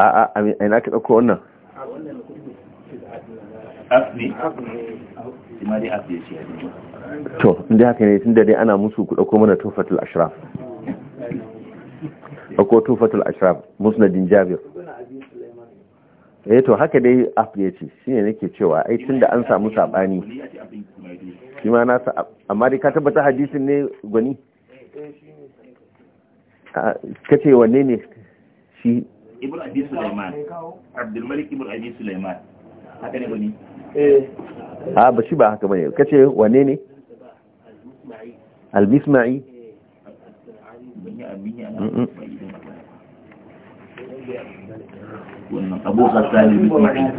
a a a ina ka dauko wannan to inda haka ne tun da dai ana musu ku ɗauko mana tufatul ashraf ɗauko tufatul ashraf musnadin jabir eh to haka dai af ya shi ne nake cewa ai tun da an samu saɓani shi ma na sa amma dai ka tabbata hadisin ne gwani ka ce wanne ne shi ibn abi sulaiman abdul malik ibn abi sulaiman haka ne bane eh a ah, ba shi ba haka bane kace wane ne al-misma'i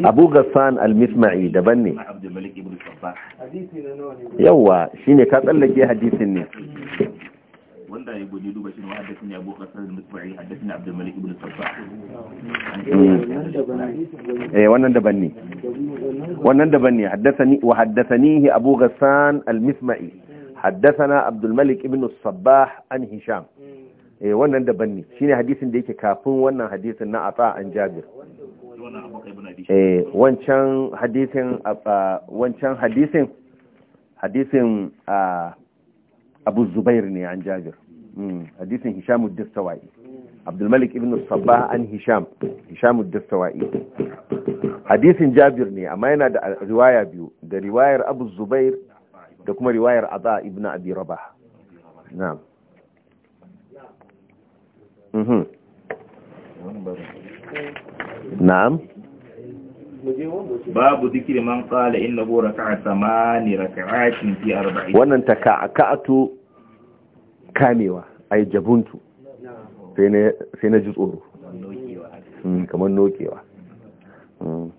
abu gassan al-misma'i daban ne yawa shine ka tsallake hadisin ne الأنصاري بن بشير وحدثني أبو عبد الملك بن الصباح wannan daban ne wannan daban ne haddathani wa haddathanihi Abu al-Misma'i haddathana ibn Hisham wannan daban ne shine hadisin da yake kafin wannan hadisin na Ata an Jabir eh wancan hadisin wancan hadisin hadisin abu zubair ne an jabir Hmm. hadisin hisham al dastawai abdul malik ibn sabah an hisham hisham al dastawai hadisin jabir ne amma yana da riwaya biyu da riwayar abu zubair da kuma riwayar adha ibn abi rabah na'am mhm na'am babu zikir man qala bu raka'a samani raka'atin fi arba'in wannan taka'atu kamewa a yi jabuntu sai na ji tsoro hmm, kamar nokewa hmm.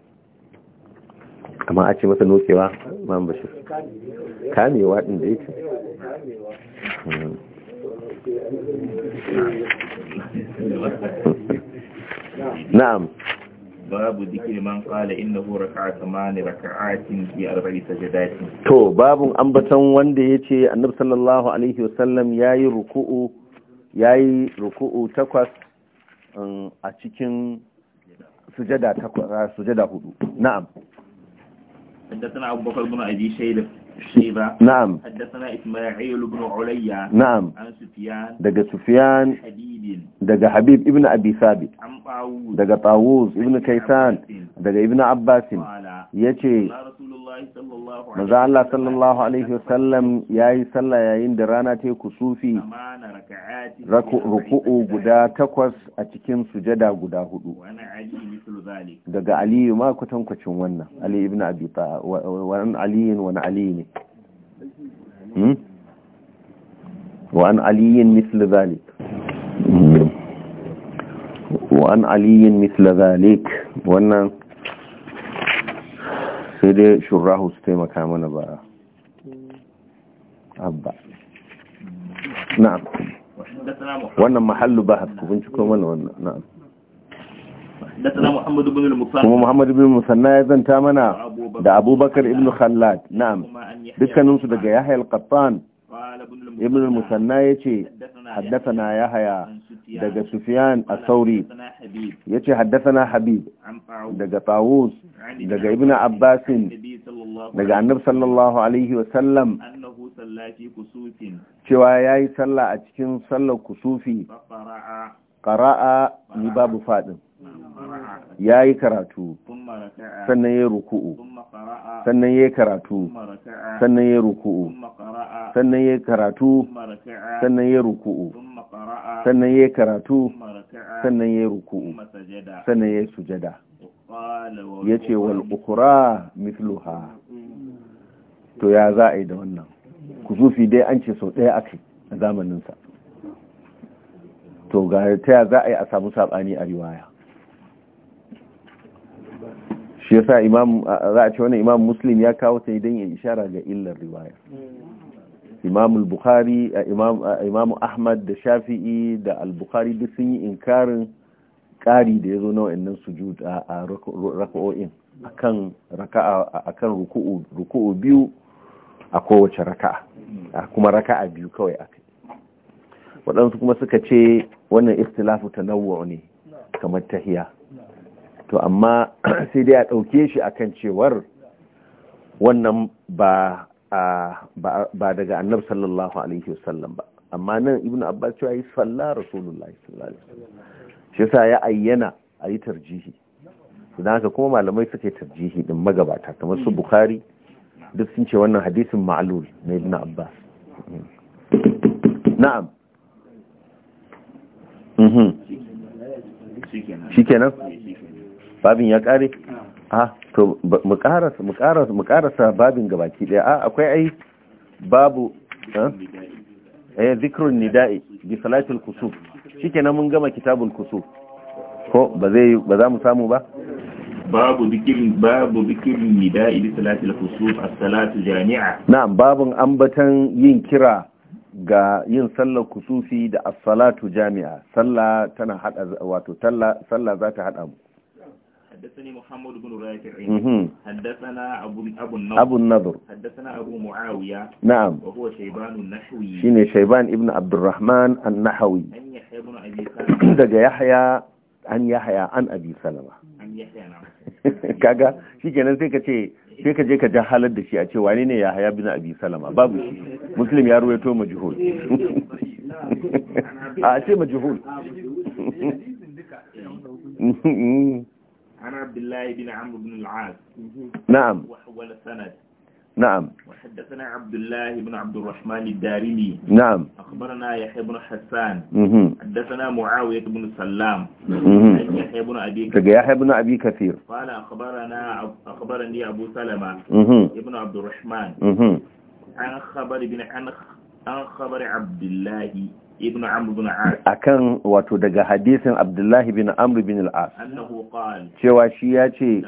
amma a ce masa nokewa ma'am bashir kamewa din da yake hmm. na'am babu zikir man qala innahu raka'a thamani raka'atin fi arba'i sajadatin to babun ambaton wanda yace annabi sallallahu alaihi wasallam yayi ruku'u yayi ruku'u takwas um, a cikin sujada takwas sujada hudu na'am inda sana abubakar bin abi شيبة شيبة نعم حدثنا إسماعيل بن عليا نعم عن سفيان دقى سفيان حبيب دقى حبيب ابن أبي ثابت عن طاووس دقى طاووس ابن كيسان دقى ابن عباس يتي maza Allah sallallahu alaihi wasallam ya yi sallah yayin da rana ta yi kusufi ruku'u guda takwas a cikin sujada guda hudu daga aliyu ma kwatankwacin wannan ali ibn abi wani aliyin wani aliyu ne hmm? wa'an aliyin misli zalik hmm. wa'an aliyin misli zalik wannan sai dai shurrahu su taimaka mana ba abba na'am wannan mahallu ba ku binciko mana wannan na'am kuma Muhammadu bin Musanna ya zanta mana da Abubakar ibn Khallad na'am dukkaninsu daga Yahya al-Qattan ibn Musanna haddasa na yahaya. daga Sufyan Asauri ya ce haddasana Habib daga Tawus daga Ibn Abbasin daga Annab sallallahu Alaihi wasallam cewa ya yi sallah a cikin sallar kusufi ƙara'a ni babu faɗin ya yi karatu sannan ya ruku'u sannan ya karatu sannan ya ruku'u sannan ya karatu sannan ya ruku'u sannan ya karatu sannan ya ruku'u sannan ya sujada ya ce wal ukura mithluha mm. to ya za a yi da wannan ku zufi dai an ce sau ɗaya ake a zamaninsa to ga ta ya za a yi a samu saɓani a riwaya shi yasa imam za a ce wani imam muslim ya kawo ta idan ya ishara ga illar riwaya mm. imam bukhari imam ahmad da shafi'i da al-bukhari duk sun yi inkarin ƙari da ya zo na wa'annan sujud a raka'o'in akan raka'a akan ruku'u biyu a kowace raka'a kuma raka'a biyu kawai aka waɗansu kuma suka ce wannan istilafu tanawwu ne kamar tahiya to amma *clears throat* sai dai a ɗauke shi akan cewar wannan ba ba daga annabi sallallahu alaihi wasallam ba amma nan ibnu abbas cewa yi salla rasulullahi sallallahu alaihi wasallam shi yasa ya ayyana a yi tarjihi dan haka kuma malamai suke tarjihi din magabata kamar su bukhari duk sun ce wannan hadisin ma'lul na ibn abbas na'am mhm. shikenan babin ya kare a to mu karasa babin gabaki daya a akwai ai babu eh? eh zikrun nida'i bi salatul kusuf shikenan mun gama kitabul kusuf ko ba zai ba za mu samu ba babu zikirin babu zikirin nida'i bi salatul kusuf as-salatu jami'a na'am babun ambatan yin kira ga yin sallar kusufi da as-salatu jami'a sallah tana hada wato sallah sallah za ta hada mu حدثني محمد بن رافع حدثنا أبو أبو النضر أبو النضر حدثنا أبو معاوية نعم وهو شيبان النحوي شين شيبان ابن عبد الرحمن النحوي أن يحيى بن أبي سلمة يحيى أن يحيى عن أبي سلمة أن يحيى نعم kaga shikenan sai ka ce sai ka je ka jahalar da shi a ce wani ne ya haya bin abi salama babu shi muslim ya ruwaito majhul a ce majhul عن عبد الله بن عمرو بن العاص نعم وحول السند نعم وحدثنا عبد الله بن عبد الرحمن الدارمي نعم أخبرنا يحيى بن حسان حدثنا معاوية بن سلام يحيى بن أبي كثير يحيى بن أبي كثير قال أخبرنا أخبرني أبو سلمة ابن عبد الرحمن عن خبر بن عن خبر عبد الله ibn amr al-as akan wato daga hadisin abdullahi bin amr bin al-as cewa shi ya ce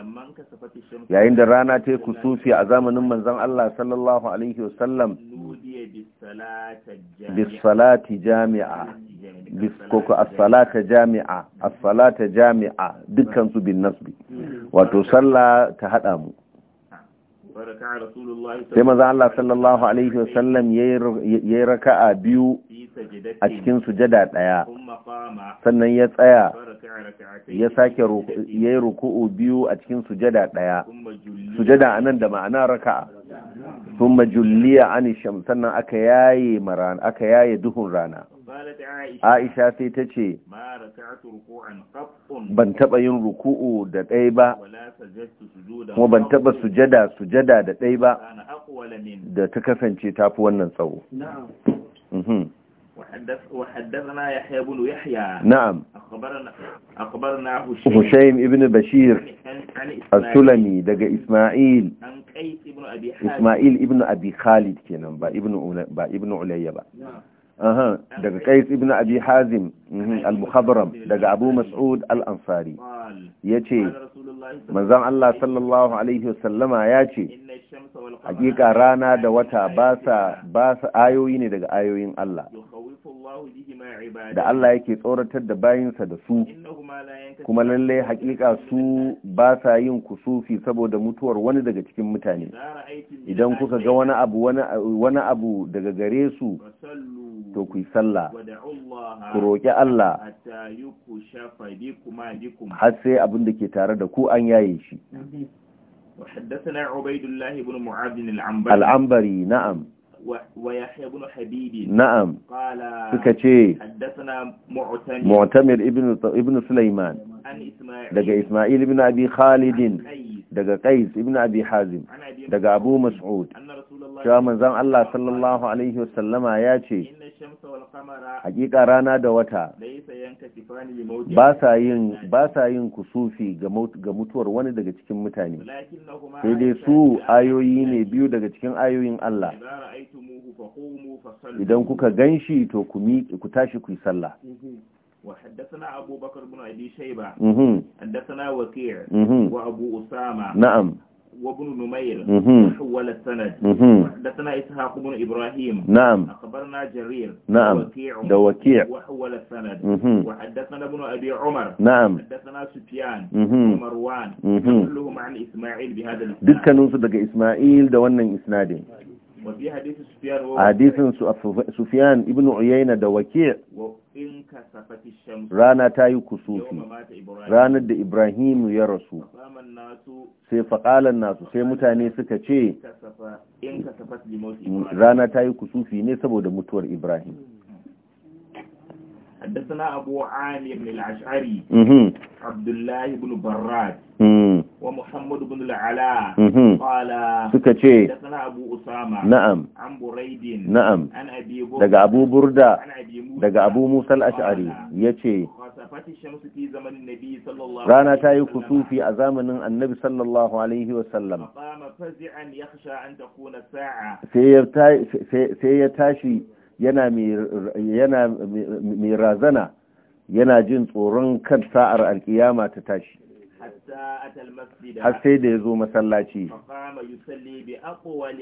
yayin da rana ta kusufi a zamanin manzon Allah sallallahu alaihi wasallam bis salati jami'a bis koko as-salata jami'a as-salata jami'a dukkan su bin nasbi hmm. wato sallah ta hada mu sai maza Allah sallallahu alaihi wasallam yi raka'a biyu a cikin sujada daya sannan ya tsaya ya sake yi ruku'u biyu a cikin sujada daya sujada anan da ma'ana raka'a sun majulliya an sannan aka yaye duhun rana Aisha sai ta ce, Ban taɓa yin ruku'u da ɗai ba, kuma ban taɓa sujada sujada da ɗai ba, da ta kasance tafi wannan tsawo. وحدثنا يحيى بن يحيى نعم اخبرنا اخبرنا هشيم ابن بشير السلمي دغ اسماعيل عن قيس ابن ابي خالد إسماعيل ابن أبي خالد كنن با ابن با ابن عليا با نعم daga qais ibn abi hazim mhm, al-muhabram daga abu mas'ud al-ansari yace manzon Allah sallallahu alaihi wasallama yace hakika rana da wata ba sa ba sa ayoyi ne daga ayoyin Allah da Allah yake tsoratar da bayinsa da su kuma lalle hakika su ba sa yin kusufi saboda mutuwar wani daga cikin mutane idan kuka ga wani abu wani abu daga gare su to ku yi sallah ku roƙi Allah har sai abin da ke tare da ku an yaye shi وحدثنا عبيد الله بن معاذ العنبري العنبري نعم ويحيى بن حبيب نعم قال سكتي حدثنا معتمر معتمر ابن ابن سليمان عن اسماعيل دغ اسماعيل ابن ابي خالد دغ قيس ابن ابي حازم دغ ابو مسعود ان رسول الله صلى الله عليه وسلم يا ce hakika rana da wata ba sa yin ba sa yin kusufi ga mutuwar wani daga cikin mutane sai dai su ayoyi ne biyu daga cikin ayoyin Allah idan kuka ganshi to ku ku tashi ku yi sallah وحدثنا أبو بكر بن أبي شيبة حدثنا وكيع وأبو أسامة نعم وابن نمير حول السند حدثنا إسحاق بن إبراهيم نعم أخبرنا جرير نعم وكيع وكيع وحول السند وحدثنا ابن أبي عمر نعم حدثنا سفيان ومروان كلهم عن إسماعيل بهذا الإسناد دكا نوصل إسماعيل دوانا إسنادين hadisin sufiyan ibn uyayna da waki rana ta yi kusufi ranar da ibrahim ya rasu sai faƙalan nasu sai mutane suka ce rana ta yi kusufi ne saboda mutuwar ibrahim حدثنا أبو عامر الأشعري عبد الله بن براد wa Muhammad ibn al-Ala mhm. qala suka ce na'am na'am daga Abu Burda daga Abu yace rana ta yi kusufi a zamanin annabi sallallahu sai ya tashi yana mai yana mai razana yana jin tsoron kan sa'ar alkiyama ta tashi har sai da ya zo masallaci sai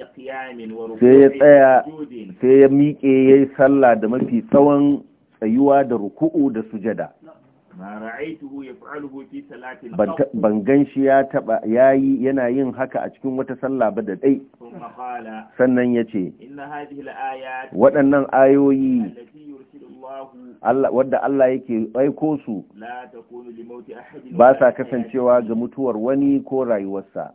ya tsaya sai ya miƙe ya yi sallah da mafi tsawon tsayuwa da ruku'u da sujada ban gan shi ya taba yi yana yin haka a cikin wata sallah ba da dai sannan ya ce waɗannan ayoyi wadda Allah yake aiko su ba sa kasancewa ga mutuwar wani ko rayuwarsa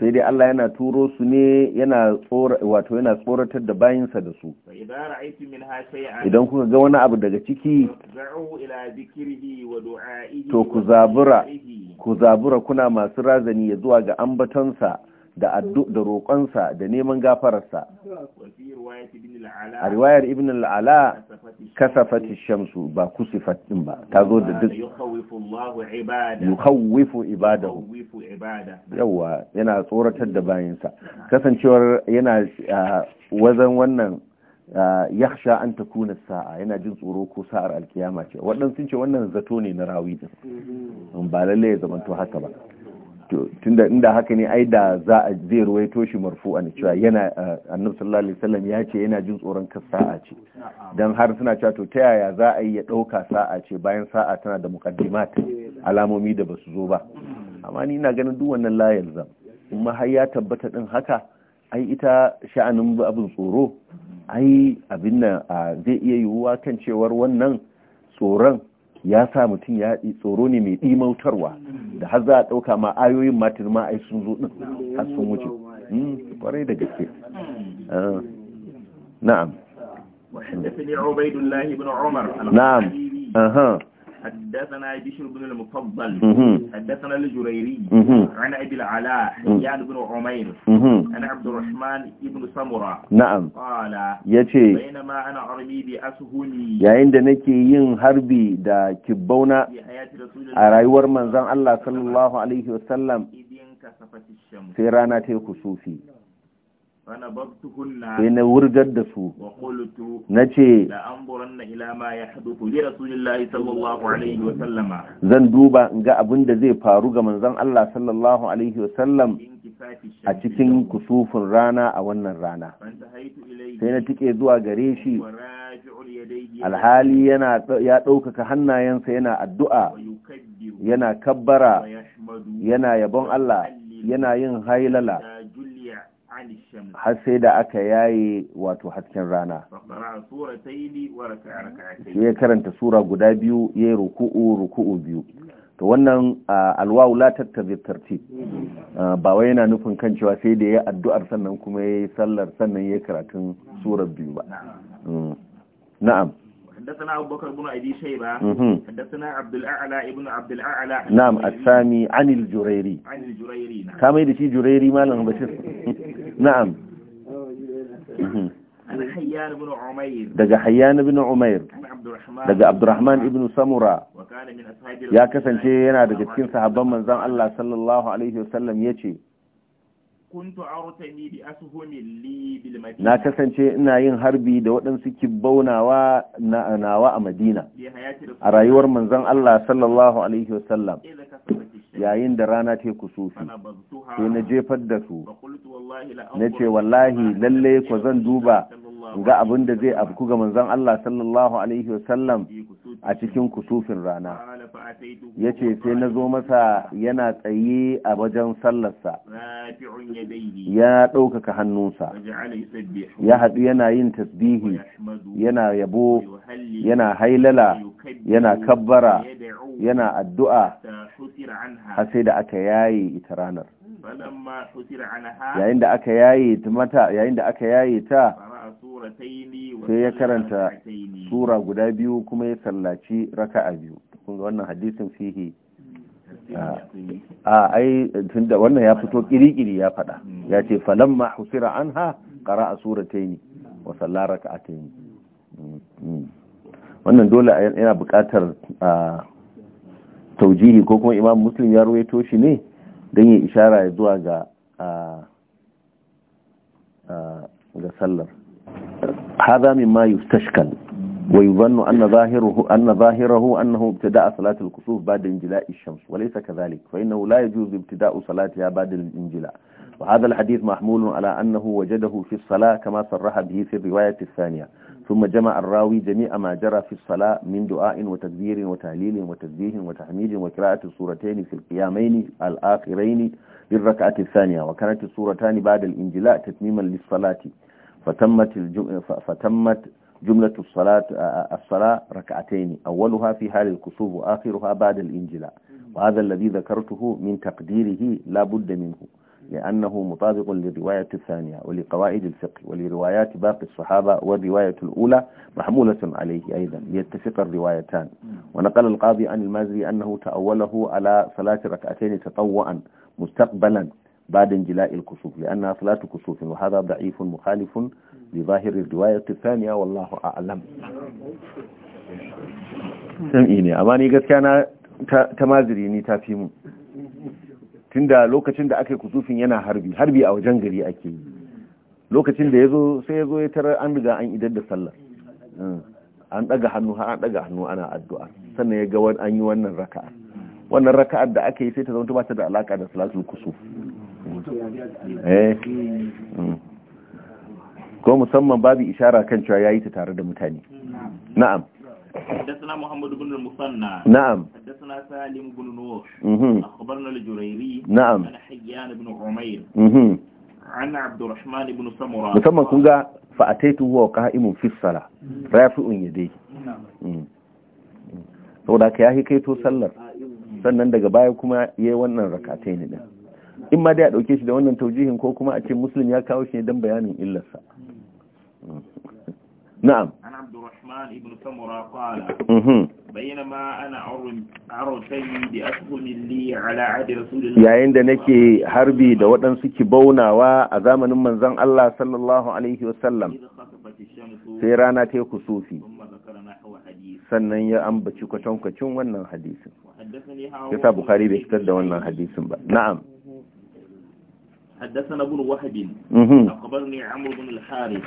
sai dai Allah yana turo su ne yana tsoratar da bayansa da su idan kuka ga wani abu daga ciki to ku zabura ku zabura kuna masu razani ya zuwa ga ambatonsa da da roƙonsa da neman gafararsa a riwayar ibn al'ala kasafati shamsu ba ku sifatin ba ta zo da duk yukhawwifu ibadahu yawa yana tsoratar da bayansa. kasancewar yana wazan wannan yakhsha an takuna sa'a yana jin tsoro ko sa'ar alkiyama ce waɗansu sun ce wannan zato ne na rawi din mm-hmm. ba lalle ya zamanto haka ba tunda inda haka ne ai da za a zai ruwaito shi an cewa yana annabi sallallahu alaihi wasallam ya ce yana jin tsoron ka sa'a ce dan har suna cewa to ta yaya za a yi ya dauka sa'a ce bayan sa'a tana da muqaddimat alamomi da basu zo ba mm. amma ni ina ganin duk wannan la yalzam kuma har ya tabbata din haka ai ita sha'anin abin tsoro ai abin nan zai iya yiwuwa kan cewar wannan tsoron ya sa mutum ya tsoro ne mai ɗimautarwa da har za a ɗauka ma ayoyin matir ma ai sun zo ɗin har sun wuce kwarai hmm, da gaske ah, na'am na'am حدثنا بشر بن المفضل حدثنا الجريري عن ابي العلاء حيان بن عمير انا عبد الرحمن بن سمرة نعم قال يتي بينما انا ارمي بأسهلي يا عند نكي ين حربي دا كبونا أرايور من زن الله صلى الله عليه وسلم في رانا ta yi sai na wurgar da su na ce zan duba in ga abin da zai faru ga manzon Allah sallallahu alaihi wasallam a cikin kusufin rana a wannan rana sai na tike zuwa gare shi alhali yana ya ɗaukaka hannayensa yana addu'a yana kabbara yana yabon Allah yana yin hailala har sai da aka yaye wato hasken rana shi ya karanta sura guda biyu ya yi ruku'u ruku'u biyu to wannan alwawu la tattabi ce, ba wai yana nufin kan cewa sai da ya addu'ar sannan kuma ya yi sallar sannan ya karatun sura biyu ba mm. na'am حدثنا أبو بكر بن أبي شيبة mm-hmm. حدثنا عبد الاعلى ابن عبد الاعلى نعم السامي عن الجريري عن الجريري نعم كما يدي جريري ما لهم بشر *laughs* na'am daga hayyan ibn umair daga abdurrahman ibn samura ya kasance yana daga cikin sahabban manzon Allah sallallahu alaihi wasallam yace kuntu arutani bi li bil madina na kasance ina yin harbi da waɗansu kibbaunawa na nawa a madina a rayuwar manzon Allah sallallahu alaihi wasallam yayin da rana ta kusufi sai na jefar da su na ce wallahi lalle ko zan duba ga abin da zai afku ga manzon Allah sallallahu alaihi wasallam a cikin kusufin rana yace sai na zo masa yana tsaye a wajen sallarsa ya ɗaukaka hannunsa ya haɗu yana yin tasbihi yana yabo yana hailala yana kabbara yana addu'a har sai da aka yaye ita ranar yayin da aka yaye ta sai ya karanta sura guda biyu kuma ya sallaci raka'a biyu kun wannan hadisin fihi a ai tunda wannan ya fito kirikiri ya faɗa hmm. ya ce ma husira anha qara'a surataini wa salla yi. Hmm, hmm. wannan dole yana buƙatar taujihi ko kuma imam muslim ya ruwaito shi ne don yi ishara ya zuwa ga ga sallar هذا مما يستشكل ويظن أن ظاهره, أن ظاهره أنه ابتداء صلاة الكسوف بعد انجلاء الشمس وليس كذلك فإنه لا يجوز ابتداء صلاتها بعد الانجلاء وهذا الحديث محمول على أنه وجده في الصلاة كما صرح به في الرواية الثانية ثم جمع الراوي جميع ما جرى في الصلاة من دعاء وتكبير وتهليل وتسبيح وتحميد وقراءة السورتين في القيامين الآخرين للركعة الثانية وكانت السورتان بعد الانجلاء تتميما للصلاة فتمت فتمت جملة الصلاة الصلاة ركعتين أولها في حال الكسوف وآخرها بعد الإنجلاء وهذا الذي ذكرته من تقديره لا بد منه لأنه مطابق للرواية الثانية ولقواعد الفقه ولروايات باقي الصحابة والرواية الأولى محمولة عليه أيضا ليتفق الروايتان ونقل القاضي عن المازري أنه تأوله على صلاة ركعتين تطوعا مستقبلا بعد انجلاء الكسوف لأنها صلاة كسوف وهذا ضعيف مخالف لظاهر الرواية الثانية والله أعلم سمعيني أماني قد كان tamaziri ni تندى fi mun tunda كسوف ينا هربي هربي أو جنجري harbi harbi a يزو سيزو يترى أن lokacin أن ya صلى an daga hannu har an daga hannu ana addu'a sannan ya ga an yi wannan raka'a wannan raka'a da aka yi sai ta zama ba ta da alaka da salatul kusuf Eh. Mm. ko musamman babu ishara kan cewa yayi ta tare da mutane na'am حدثنا محمد بن المثنى نعم حدثنا سالم بن نوح أخبرنا الجريري نعم عن حيان بن عمير عن عبد الرحمن بن سمرة فأتيته في الصلاة رافع نعم saboda ya hikaito sallar mm. sannan daga baya kuma yayi wannan rakatai ne din in ma dai a ɗauke shi da wannan taujihin ko kuma a ce muslim ya kawo shi don bayanin illarsa *laughs* na'am an abdurrahman ibn samura qala mhm. bainama ana bi li ala rasulillah yayin da nake harbi da waɗansu baunawa a zamanin manzon Allah sallallahu alaihi wasallam sai rana ta kusufi sannan ya ambaci kwatankwacin wannan hadisin yasa bukhari bai fitar da wannan hadisin ba na'am حدثنا ابن وهب أخبرني عمرو بن الحارث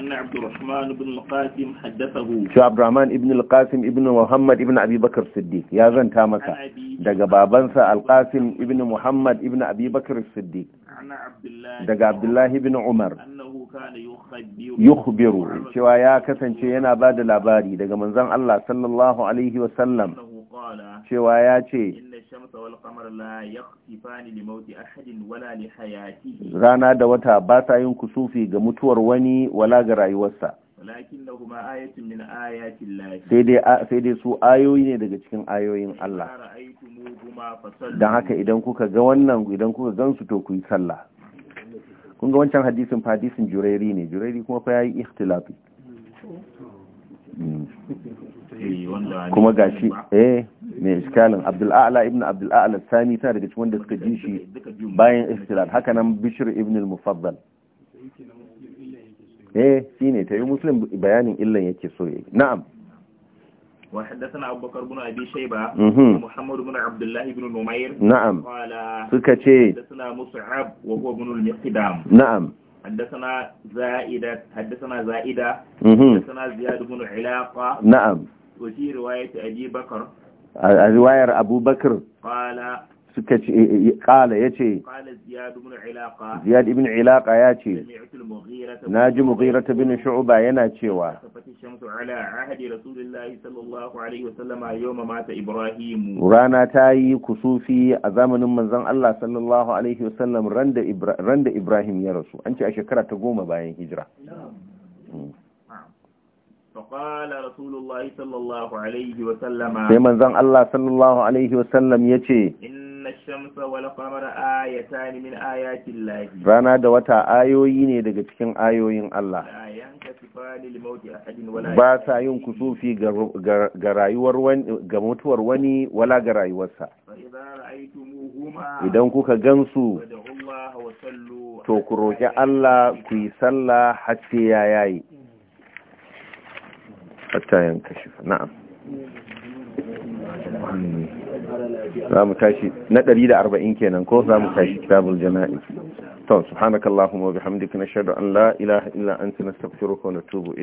أن عبد الرحمن بن القاسم حدثه شو عبد الرحمن بن القاسم ابن محمد ابن أبي بكر الصديق يا زن تامسا دقا بابنسا القاسم ابن محمد ابن أبي بكر الصديق دقا عبد الله بن عمر يخبر شو يا كسن شو ينا بعد الأباري دقا منزان الله صلى الله عليه وسلم cewa ya ce rana da wata ba ta yin kusufi ga mutuwar wani wala ga rayuwarsa sai dai su ayoyi ne daga cikin ayoyin Allah don haka idan kuka ga wannan idan kuka gansu to ku yi sallah kun ga wancan hadisin fa hadisin ne jirairi kuma fa yayi ikhtilafi Eh, kuma gashi eh mai iskalin abdul'a'la ibn abdul'a'la sami ta daga cikin wanda suka ji shi bayan istilal haka nan bishir ibn al-mufaddal eh shi ne ta yi muslim bayanin illan yake so yi na'am wa haddathana abu bakar bin abi shayba mhm. muhammad bin abdullah ibn numayr na'am suka ce haddathana mus'ab wa huwa bin al-miqdam na'am حدثنا Zaida. حدثنا زائدة حدثنا زياد بن علاقة نعم وفي رواية أبي بكر رواية أبو بكر قال suka ce kala ya ce ziyad ibn ilaka ya ce na ji mughirata bin shu'ba yana cewa rana ta yi kusufi a zamanin manzon Allah sallallahu alaihi wasallam randa ibrahim ya rasu an ce a shekara ta goma bayan hijira sai manzon Allah sallallahu alaihi wasallam yace inna shamsa rana da wata ayoyi ne daga cikin ayoyin Allah ba sa yin kusufi ga mutuwar wani wala ga rayuwarsa idan kuka gansu to ku roƙi Allah ku yi sallah har sai ya yayi hatta yankashifa na'am za mu tashi 140 kenan ko za mu tashi kitabul jana'i to subhanakallahumma wa bihamdika nashhadu an la ilaha illa anta nastaghfiruka wa natubu